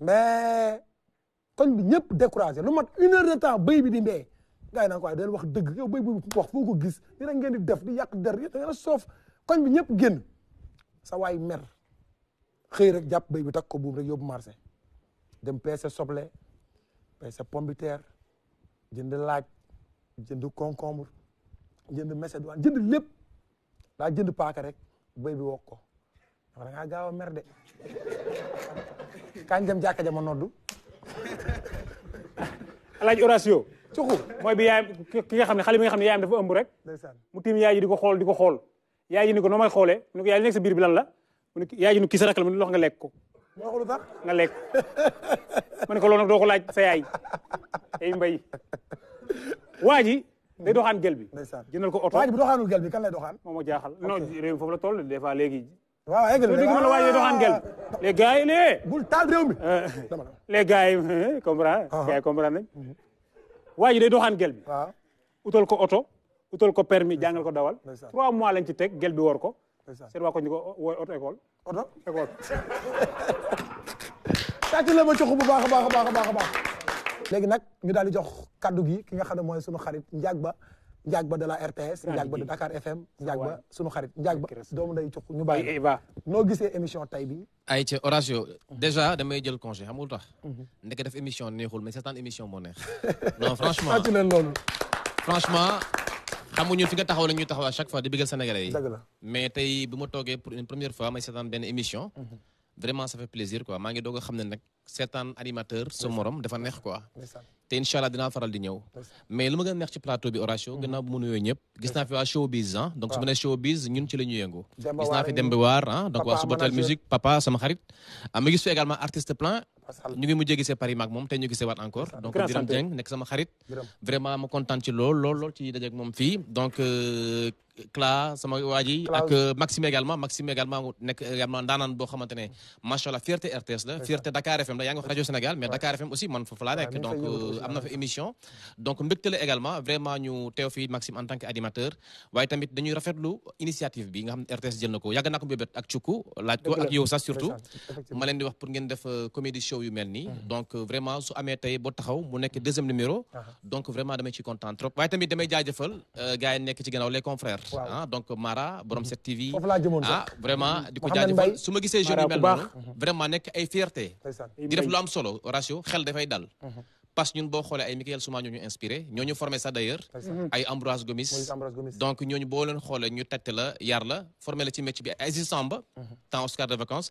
mais koñ bi ñëpp découragé lu mat une heure de temps bi di mbéy gars yi naan ko waaye dañu wax dëgg yow béy bu wax foo ko gis li rek ngeen di def di yàq der yi da ngeen a soof koñ bi ñëpp génn sa waay mer xëy rek jàpp béy bi takk ko buum rek yóbbu marché dem peese soble peese pomme jënd laaj jënd concombre jënd macédoine jënd lépp daa jënd paaka rek béy bi wokk ko da ngaa ah, gaaw a mer de kañ dem jàkka ja ma noddu laaj Horatio suqu mooy bi yaayam ki nga xam ne xale bi nga xam ne yaayam dafa ëmb rek mu tiim yaay ji di ko xool di ko xool yaay ji ni ko noo may xoolee mu ne yaay li nekk sa biir bi lan la mu ne yaay ji ni kii sa rakk la mu ne nga lekk ko nga lekk mu ne ko doo ko laaj sa yaay ay mbay waa ji day doxaan gel bi jëndal ko oto waa ji bu doxaanul gel kan lay doxaan moom moo jaaxal non réew foofu la toll des fois léegi waaw egg na waaw doxaan gel ah. les gars yi ne. bul taal réew mi. Euh, les gars yi euh, comprendre. Ah. gars nañ. waa ji doxaan gel bi. Ah. utal ko oto utal ko permis jàngal ko dawal. trois mois lañ ci teg gel bi war ko. seet waa ko ñu ko wooy oto école. oto école. <laughs> la ma jox bu baax a baax baax a léegi nag ñu daal di jox kaddu gi ki nga xam ne mooy sunu xarit njaag Ba. Jagba de la RTS Jagba de Dakar FM Jagba, sunu xarit njaag ba doomu nday cuq ñu bàyyi No gisee émission tay bi ay ci Horacio mhm. déjà damay jël congé xamul tax mhm. ndeke def émission neexul mais seetaan émission mo neex <laughs> non franchement ci leen lolu. franchement xamuñu fi nga taxaw la ñuy taxaw à chaque fois di bëggal Sénégalais yi mais tay bu ma toogee pour une première fois may seetaan ben émission mhm. vraiment ça fait plaisir quoi Ma ngi doog xamné nak ne animateur su morom dafa neex quoi te incha allah faral di ñëw mais lu ma gën a neex ci plateau bi Horacio mm-hmm. gannaaw bu mu ñëpp gis naa fi waa showbiz ah donc su ma nee showbiz ñun ci la ñuy yëngu gis naa fi Demba Waar ah. donc waa Subatel musique papa sama xarit ah ma gis fi également artiste plein ñu ngi mujjee gisee Paris magmum, moom tey ñu gisee encore donc Biram Djeng, nekk sama xarit vraiment ma kontaan ci lool lool lool ci dajeeg moom fii donc euh, Cla sama wadi, ak euh, Maxime également Maxime également nekk également ndaanaan boo xamante ne fierté RTS la fierté Dakar FM la yaa radio Sénégal mais Dakar FM aussi man foofu laa donc euh, am fa émission donc mbégte la également vraiment ñu teew fii Maxime en tant que animateur waaye tamit dañuy rafetlu initiative bi nga xam RTS jël na ko yàgg naa ko ak Cuku laaj ko ak yow sax surtout ma len di wax pour ngeen def comédie show xew-xew yu mel mhm. donc euh, vraiment su amee tay bo taxaw mu nek deuxième numéro ah. donc vraiment damay ci content trop waaye tamit damay jaajëfal euh, gars nek ci gënaaw les confrères ah, donc Mara borom mhm. set tv ah vraiment mhm. diko ko suma su ma gisee yu mel vraiment nek ay fierté di def lu am solo ratio xel fay dal parce ñun bo xolé ay Michael Souma ñoo ñu inspiré ñoo ñu formé ça d'ailleurs ay Ambroise Gomis donc ñooñu bo leen xolé ñu tette la yar la formé la ci métier bi ay Aziz Samba temps Oscar de vacances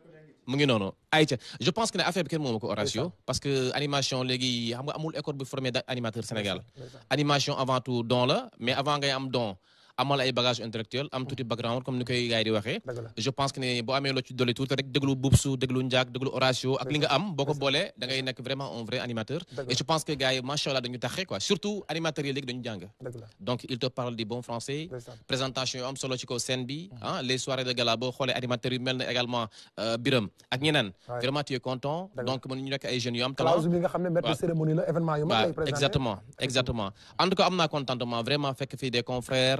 Non, nono noonu je pense que ne affaire bi kenn moomu ko parce que animation léegi xam nga amul école bu formé d'animateur Sénégal animation avant tout don la mais avant ngay am don amal ay bagage intellectuel am touti background comme ni koy gars di waxee je pense que bo boo amee ci dolé tout rek déglu Boubsou déglu Ndiak déglu Horatio ak li nga am boko bolé da ngay nek vraiment un vrai animateur et je pense que gars machallah macha allah dañu taxee quoi surtout animateur yi léegi dañu jang donc il te parle du bon français présentation am solo ci ko scène bi mm-hmm. ah, les soirées de gala bo xolé animateurs yu mel également euh, Biram ak ñeneen vraiment tu es content donc mon ñu nekk ay jeunes yu am talent bi nga xamné cérémonie la événement yu lay présenté exactement exactement en tout cas am contentement vraiment fekk fi des confrères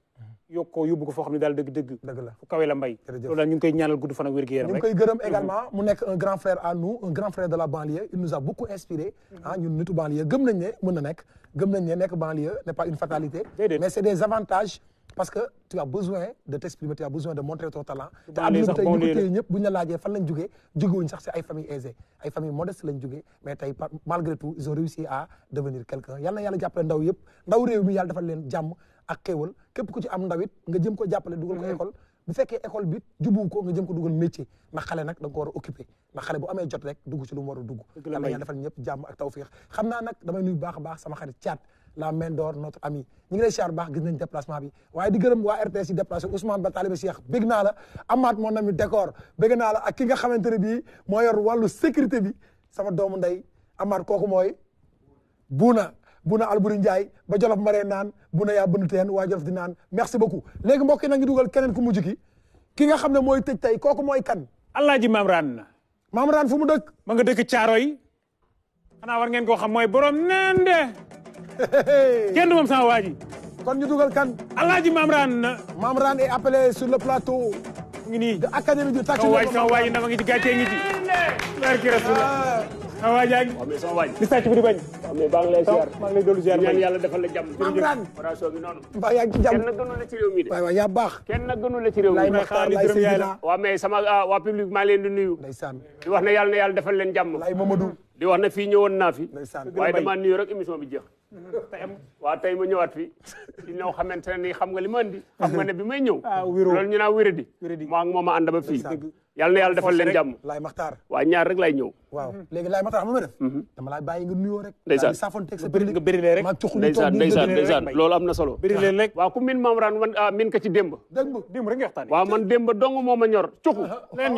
yokk koo ko foo xam ne daal deug deug dëgg la fu kawé la mbay lolou daal ñu ngi koy ñaanal gudd fan ak wér gu yaram ñu koy gëreum également mu nekk un grand frère à nous un grand frère de la banlieue il nous a beaucoup inspiré mhm. ah ñun nitu banlieue gëm nañ né mëna na nekk gëm nañ né nekk banlieue n'est pas une fatalité mais c'est des avantages parce que tu as besoin de t'exprimer tu as besoin de montrer ton talent ta àdduna tey ñu ko ñep buñ la lajé fan lañ jógee wuñ sax ci ay familles aisées ay familles modestes lañ jógee mais tay malgré tout ils ont réussi à devenir quelqu'un yalla yalla yàlla ndaw yépp ndaw réew mi yalla defal leen jamm ak xéewal képp ku ci am ndawit nga jëm ko jàppale dugal ko mm-hmm. école bu fekkee école bi jubu ko nga jëm ko dugal métier ndax xale nag da nga ko war a occupé ndax xale bu amee jot rek dugg ci lu mu war a dugg ñëpp jàmm ak tawfiix xam naa nag damay nuyu baax a baax sama xarit caat la main d'or notre ami ñu ngi lay siyaar baax gis nañ déplacement bi waaye di gërëm waa RTS yi déplacé Ousmane Ba Talibé Cheikh amaat moo nami décor bégg naa la ak ki nga xamante ne bii moo yor wàllu sécurité bi sama doomu ndey amaat kooku mooy buuna buna al Alburi Njaay ba jolof mare nan buna ya bunu ten wa jolof di nan merci beaucoup léegi mbokk yi na dugal keneen ku mujjiki ki nga xamne moy tej tay koku moy kan Alaaji Maam mamran na Maam ma nga dëkk caaro yi war ngeen ko xam moy borom nende <laughs> kenn sama waji kon ñu dugal kan Alaaji Maam mamran est appelé sur le plateau ngini de académie du taxi waji sama waji ndama ngi ci ngi ci barki sama waay jaay waaw mais sama waay di sàcc bi di bañ waaw mais maa ngi lay ziar maa ngi lay dolli ziar ñaan yàlla defal la jàmm opération bi noonu mbaa yaa ngi ci jàmm kenn gënu la ci réew mi de waaw waaw yaa baax kenn gënu la ci réew mi lay maxtaar lay sëñ waaw mais sama ah, waa public maa leen di nuyu ndeysaan di wax ne yàlla na yàlla defal leen jàmm lay Mamadou di wax ne fii ñëwoon naa fi waaye dama nuyu rek émission bi jeex Mm-hmm. tey am waaw tey ma ñëwaat fii ci <laughs> ñoo xamante ne nii xam nga li ma andi xam nga ne bi may ñëw <laughs> ah, loolu ñu naan wéradi moo ak a ànd ba fii yàlla na yàlla waaw ñaar rek laay ñëw waaw mm-hmm. léegi laay maxtaar nga def mm-hmm. rek ndeysaan saafonteeg sa bëri nga bëri rek maa tuxu loolu am na solo bëri leen rek waaw ku min maam raan man ah, min ka man démb dong moo ma ñor cuxu <laughs> leen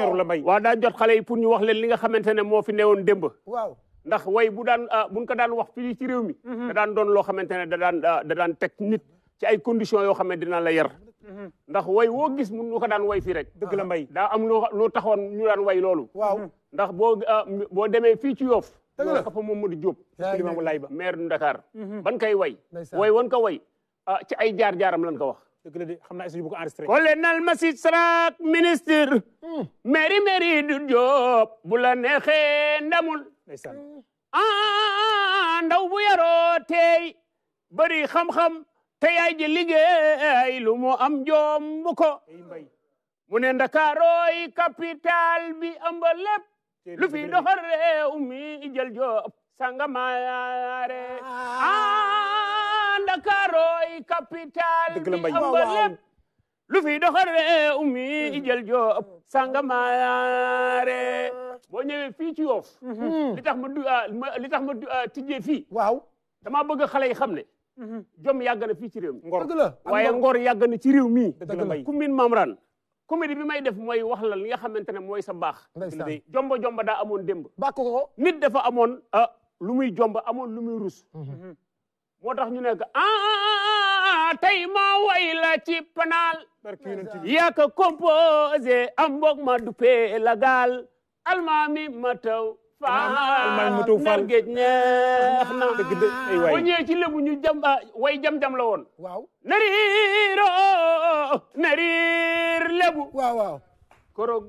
daa jot xale yi pour ñu wax leen li nga xamante ne moo fi newoon démb waaw ndax way bu daan ah, buñ ko daan wax fii ci réew mhm. da daan doon loo xamante ne da daan ah, da daan nit ci ay condition yoo xam ne dina la yar mhm. ndax way woo gis mun nu ko daan way fii rek dëgg la mbay daa am loo taxoon ñu daan way loolu waaw mhm. ndax boo ah, boo demee fii ci yoof ko fa Mamadou Diop limaamu lay ba maire du Dakar ban koy way way wan ko way ci ay jaar-jaaram lan ko wax dëgg la de xam naa bu ko enregistré colonel Massi Sarak ministre mm. mairie mairie du Diop bu la neexee ndamul ndeysaan ah mm. ndaw bu yaroo tey bëri xam-xam te yaay ji liggéey lu am jomb ko mu ne ndakaarooy capital bi amba lépp lu fi doxal réew mi jël joob sangamaare ah ndakaarooy capital bi amba lépp lu fi doxal we ummi mm-hmm. ijël joob sanga maayaare mm-hmm. mm-hmm. boo ñëwee fii ci yoof li tax ma du ah, li tax ma ah, tijjee fii waaw damaa bëgg xale yi xam ne jom yàgg na fii ci réew mi ngor waaye ngor yàgg na ci réew mii ku min mamran comédie bi may def mooy wax la li nga xamante ne mooy sa baax jomba jomba daa amoon démb bàkk ko nit dafa amoon ah, lu muy jomba amoon lu muy rus moo tax ñu nekk ah tey ma way la ci panaal yaa ko composé ma duppee la almaami ma taw faal nar géej na boo ah, way jam-jam la woon waaw nariiro nariir lébu waaw waaw koro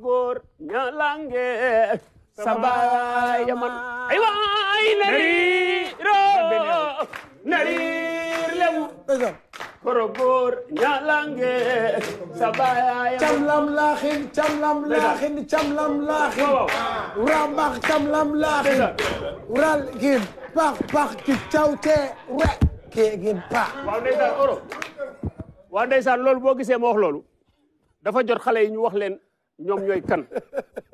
ay waay nariiro nariir lébu korobor nyalange sabaya camlam lahin camlam laxin camlam laxin rabax camlam lahin ural gin pax pax ki cawte we ke gin pa wande sa oro wande sa lol bo gise mo wax loolu dafa jot xale yi ñu wax len ñom ñoy kan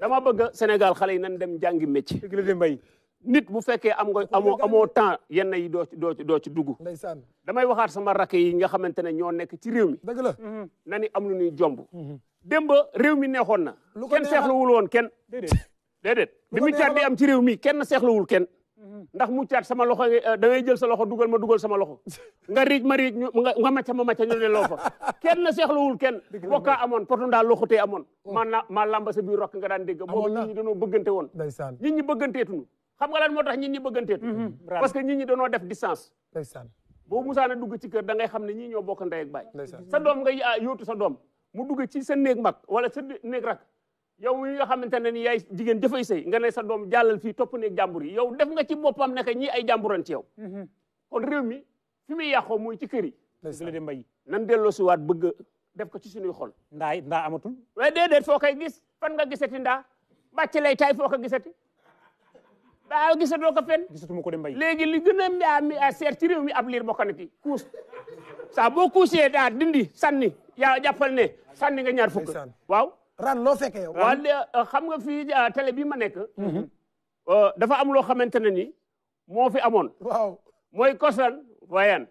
dama bëgg Sénégal xale yi dem jangi métier nit bu fekke am nga amo amo temps yenn yi do ci do ci doo ci damay waxat sama rakk yi nga xamantene ño nek ci réew mi. dëgg la mhm. na am lu ñuy jomb. Mhm. demba réew mi neexoon na. ken xeexlu wul won ken dedet bi mi caat di am ci Ken mi xeexlu wul ken mhm. ndax mu caat sama loxo eh, da ngay jël sa loxo duggal ma duggal sama loxo <laughs> nga riij ma riij nga ca ma ca ñu ne ken fa kenn seexlawul kenn bokkaa <laughs> amoon potu ndaa loxutee amoon maa oh. ma lamba sa bi rok nga daan deg boobu ñi dañu bëggante won nit ñi bëgganteetunu xam nga lan moo tax ñit ñi bëgganteetu mhm. parce que ñit ñi dañoo def distance ndeysaan boo musaana dugg ci kër dangay ngay xam ne ñii ñoo bokk ndey ak baay sa doom nga ah, yóotu sa doom mu dugg ci sa néeg mag wala sa néeg rak yow mi nga xamante ne ni yaay jigéen dafay say nga ne sa doom jàllal fii topp néeg jàmbur yi yow def nga ci boppam ne que ñii ay jàmburan ci yow mhm. kon réew mi fi muy yàqoo muy ci kër yi la mbay nan delloo si waat bëgg def ko ci suñuy xol ndaa ndaa amatul waaye d foo koy gis fan nga gisati ndaa bàcc lay taay foo ko gisati ah gisatoo ko fenn gisatuma ko de mbay léegi li gën a mi seer ci réew mi ab liir bokk na ci kuus saa boo kuusee daa dindi sànni yaa jàppal ne sànni nga ñaar fukk waaw ran loo fekkee yow waaw euh, xam nga fii euh, télé bi ma nekk mm-hmm. euh, dafa am loo xamante ne ni moo fi amoon waaw mooy kosan wayan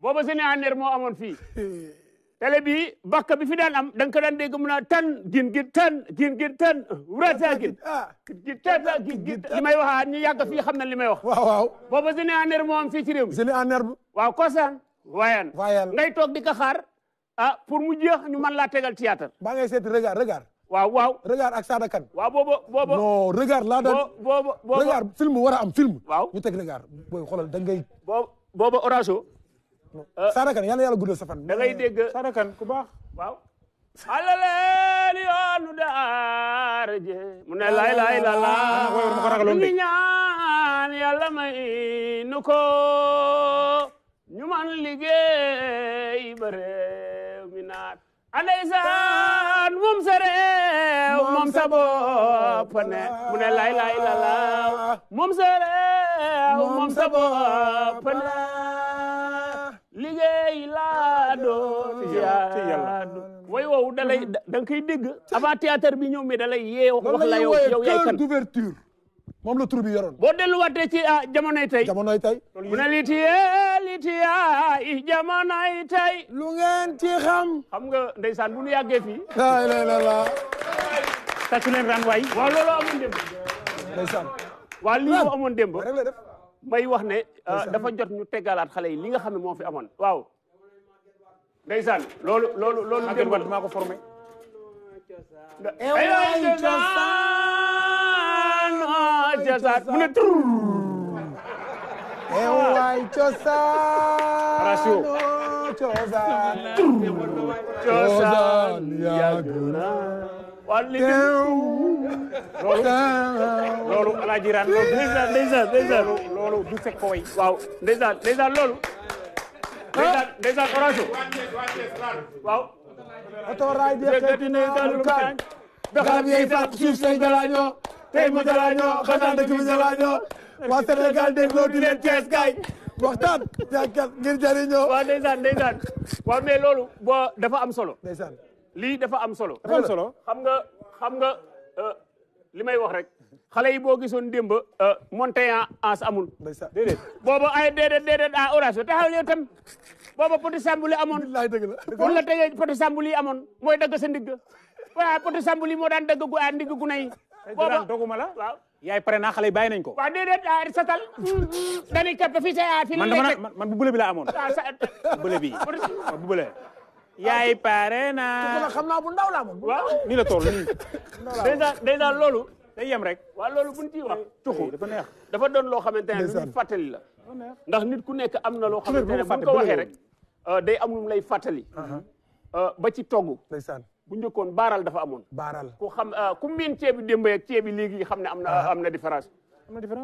booba sene aneer moo amoon fii <laughs> télé bi bakk bi fi daan am dan nga ko daan dégg mu naa tan gin gin tan gin gin tan wurata ah, ah, gin gin tata ah, gin gin li wax waxaa ñu yàgg fii xam na li may wax waaw waaw booba jene en moo am fii ci réew mi jene en herbe waaw kosaan waayaan ngay toog di ko xaar ah pour mu jeex ñu man laa tegal théâtre baa ngay seeti regard regard waaw waaw regard ak Sada Kane waaw booba booba non regard laa daan booba regard film war a am film waaw ñu teg regard booy xoolal da ngay booba Oraso Ah. Sada Kane yàlla yàlla guddal sa fan. da ngay eh, dégg Sada Kane ku baax waaw. alaleen yoonu daara mu ne lay lay la la ñu ah, ah, ngi ñaan yàlla may nu ko ñu man liggéey ba réew mi naat andeysaan moom sa réew moom mu ne lay lay la la moom sa liggéey laa doon yaadu way woowu da lay da nga koy dégg <laughs> avant théâtre bi ñëw mi da lay yee wax la yow d'ouverture moom la tur bi yoroon boo delluwaatee ci a ah, tey jamonoy tey mu ne litiyee litiyaay jamonoy tey lu ngeen ci xam xam nga ndeysaan bu ñu yàggee fii laa ilaaha illallaah tàccu leen ran waay waaw loolu amoon démb may wax ne euh, dafa jot ñu teggalaat xale yi li nga xam ne moo fi amoon waaw ndeysaan loolu loolu loolu dégg nga maa ko formé eh, mu ne tur waay eh, cosaan ratio oh, cosaan cosaan yàgg na wàllu loolu loolu alaaji raan loolu ndeysaan ndeysaan ndeysaan loolu du fekk fooy. waaw ndeysaan ndeysaan loolu. ndeysaan ndeysaan orange. waaw. oto raay bi xeeti ne daanu kaay. garab yooyu fàq suuf say jalaañoo. tey mu jalaañoo xanaa dëkk bi jalaañoo. waa Sénégal dégloo di leen kees kaay. waxtaan jàkkat ngir jëriñoo. waaw ndeysaan ndeysaan. waaw mais loolu boo dafa am solo. ndeysaan lii dafa am solo. dafa am solo xam nga xam nga euh, li may wax rek. xale yi boo gisoon démb euh, montayan ans amul déedéet booba ay déedéet déedéet a ah, orage o taxaw yow tam booba poti sambul amoon la tege poti sambul yi amoon mooy dagg sa ndigg waaw poti sambul moo daan dagg gu a ah, ndigg gu nay booba doguma la waaw yaay pare naa xale yi bàyyi nañ ko waaw déedéet a ah, satal dañuy kappe fii sa a fi man bu bële bi la amoon bële bi bu bële yaay pare naa xam naa bu ndaw la amoon nii la tool nii déjà déjà loolu day yem rek waaw loolu buñ ciy wax dafa neex dafa doon loo xamante ne lu fàttali la ndax nit ku nekk am na loo xamante ne buñ ko waxee rek euh, am lu lay fàttali uh-huh. euh, ba ci togg bu njëkkoon baaral dafa amoon baaral ku xam euh, ku miin ceebi démb ak ceebi léegi xam ne am na uh-huh. am na différence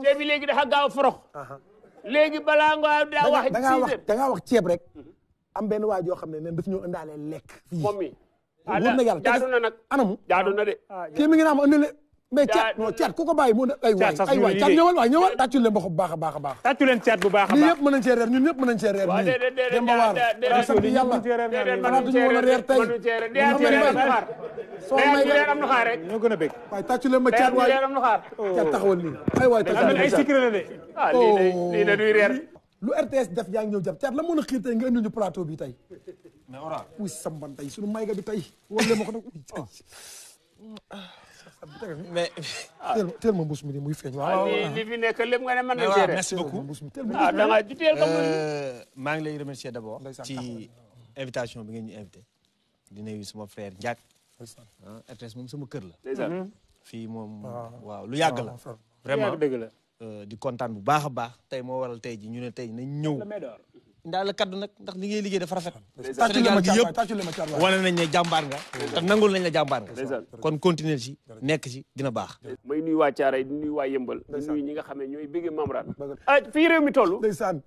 ceebi léegi dafa gaaw a uh-huh. léegi balaa nga daa wax ci da ngaa wax ceeb rek am benn waay joo xam ne nen daf ñoo indaalee lekk moom mi na yàlla jaadu na de ah, mais caat non caat ku ko bàyyi mu ne ay waay ay waay caat ñëwal waay ñëwal tàccu leen ba baax a baax a baax tàccu leen caat bu baax a baax lii yëpp mën nañ cee reer ñun ñëpp mën nañ cee reer nii dem ba waar sant yàlla xanaa duñu mën a reer tey soo may am na xaar rek ñoo gën a bég waay tàccu leen ba caat waay caat oh. taxawal nii ay waay tàccu ay secret la de oh. ah, lii la duy reer lu RTS def yaa ngi ñëw jàpp caat la mën a xiir tey nga indil ñu plateau bi tey mais oral uy samban tey suñu may ga bi tey wala ma ko nag oh. mais. Ah. teel ma mbuus mi muy feeñ. waaw li fi nekk lépp nga ne man nañu seede. merci beaucoup ah da nga teel ko euh, maa ngi lay remercier d'abord. ci invitation bi ngeen ñu invité. di nuyu suma frère Ndiak. Ah, RTS moom sama kër la. Mhm. fii moom. Ah. waaw lu yàgg la. vraiment euh, di kontaan bu baax a baax. tey moo waral tey ji ñu ne tey nañ ñëw. ndaa la kaddu nag ndax li ngay liggéey dafa rafet Sénégal gi yëpp wane nañ ne jàmbaar nga te nangul nañ la jàmbaar nga kon continuer ci nekk ci dina baax may nuyu waa Caaray di nuyu waa Yëmbal di nuyu ñi nga xam ne ñooy bëggee Mamran ah, fii réew mi toll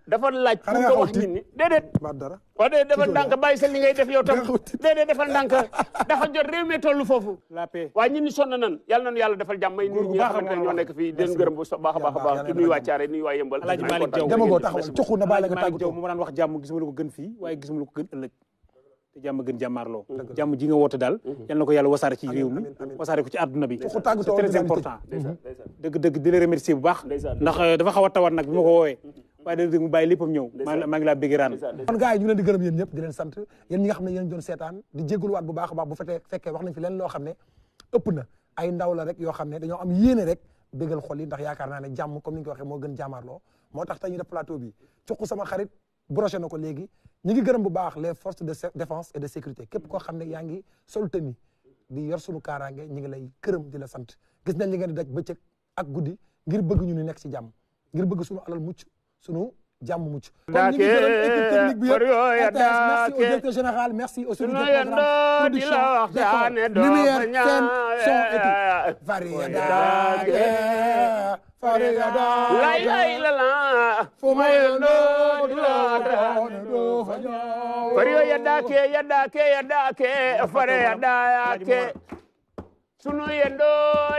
dafa laaj pour nga wax nit ñi déedéet waaw déedéet dafa ndànk bàyyi sa li ngay def yow tam déedéet dafa ndànk <laughs> dafa jot réew mi toll foofu waaye ñun ñi sonn nan yàlla nañu yàlla defal jàmm may nuyu ñi nga xam ne ñoo nekk fii den gërëm bu baax a baax a baax di nuyu waa Caaray di nuyu waa Yëmbal wax jàmm gisuma la ko gën fii waaye gisuma la ko gën ëllëg te jàmm gën jàmmaarloo jàmm ji nga woote daal mhm. yal na ko yàlla ci réew mi wasaare ci àdduna bi c'est mhm. remercier bu baax ndax dafa xaw a tawat nag bi ma ko woowee mhm. waaye di gërëm yéen ñëpp di leen sant a baax bu fekkee fekkee rek yoo xam ndax yaakaar naa ne comme ni ko waxee moo gën jàmmaarloo moo tax tey ñu def plateau bi cuq sama xarit broché na ko léegi ñu ngi gërëm bu baax le force de défense et de sécurité képp koo xam ne yaa ngi sol tamit di yor sunu kaaraange ñu ngi lay kërëm di la sant gis nañ li ngeen di daj bëccëg ak guddi ngir bëgg ñu ni nekk ci jàmm ngir bëgg sunu alal mucc sunu jàmm mucc kon ñu ngi gërëm équipe technique bi yëpp merci au directeur général la ilaha illallah fuma yendo dilata fariyo yadda ke yadda ke yadda ke fare yadda ya ke sunu yendo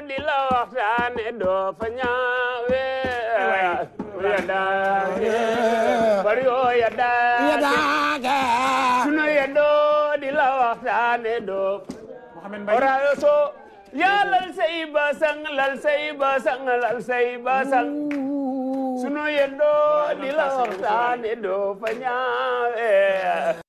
dilata ne do fanyawe yadda ke fariyo yadda yadda ke sunu yendo dilata ne do Muhammad Bay ora so yaa la say basang lal say basang lal say basang sunu yendoo di la waxtaane doo fa ñaawe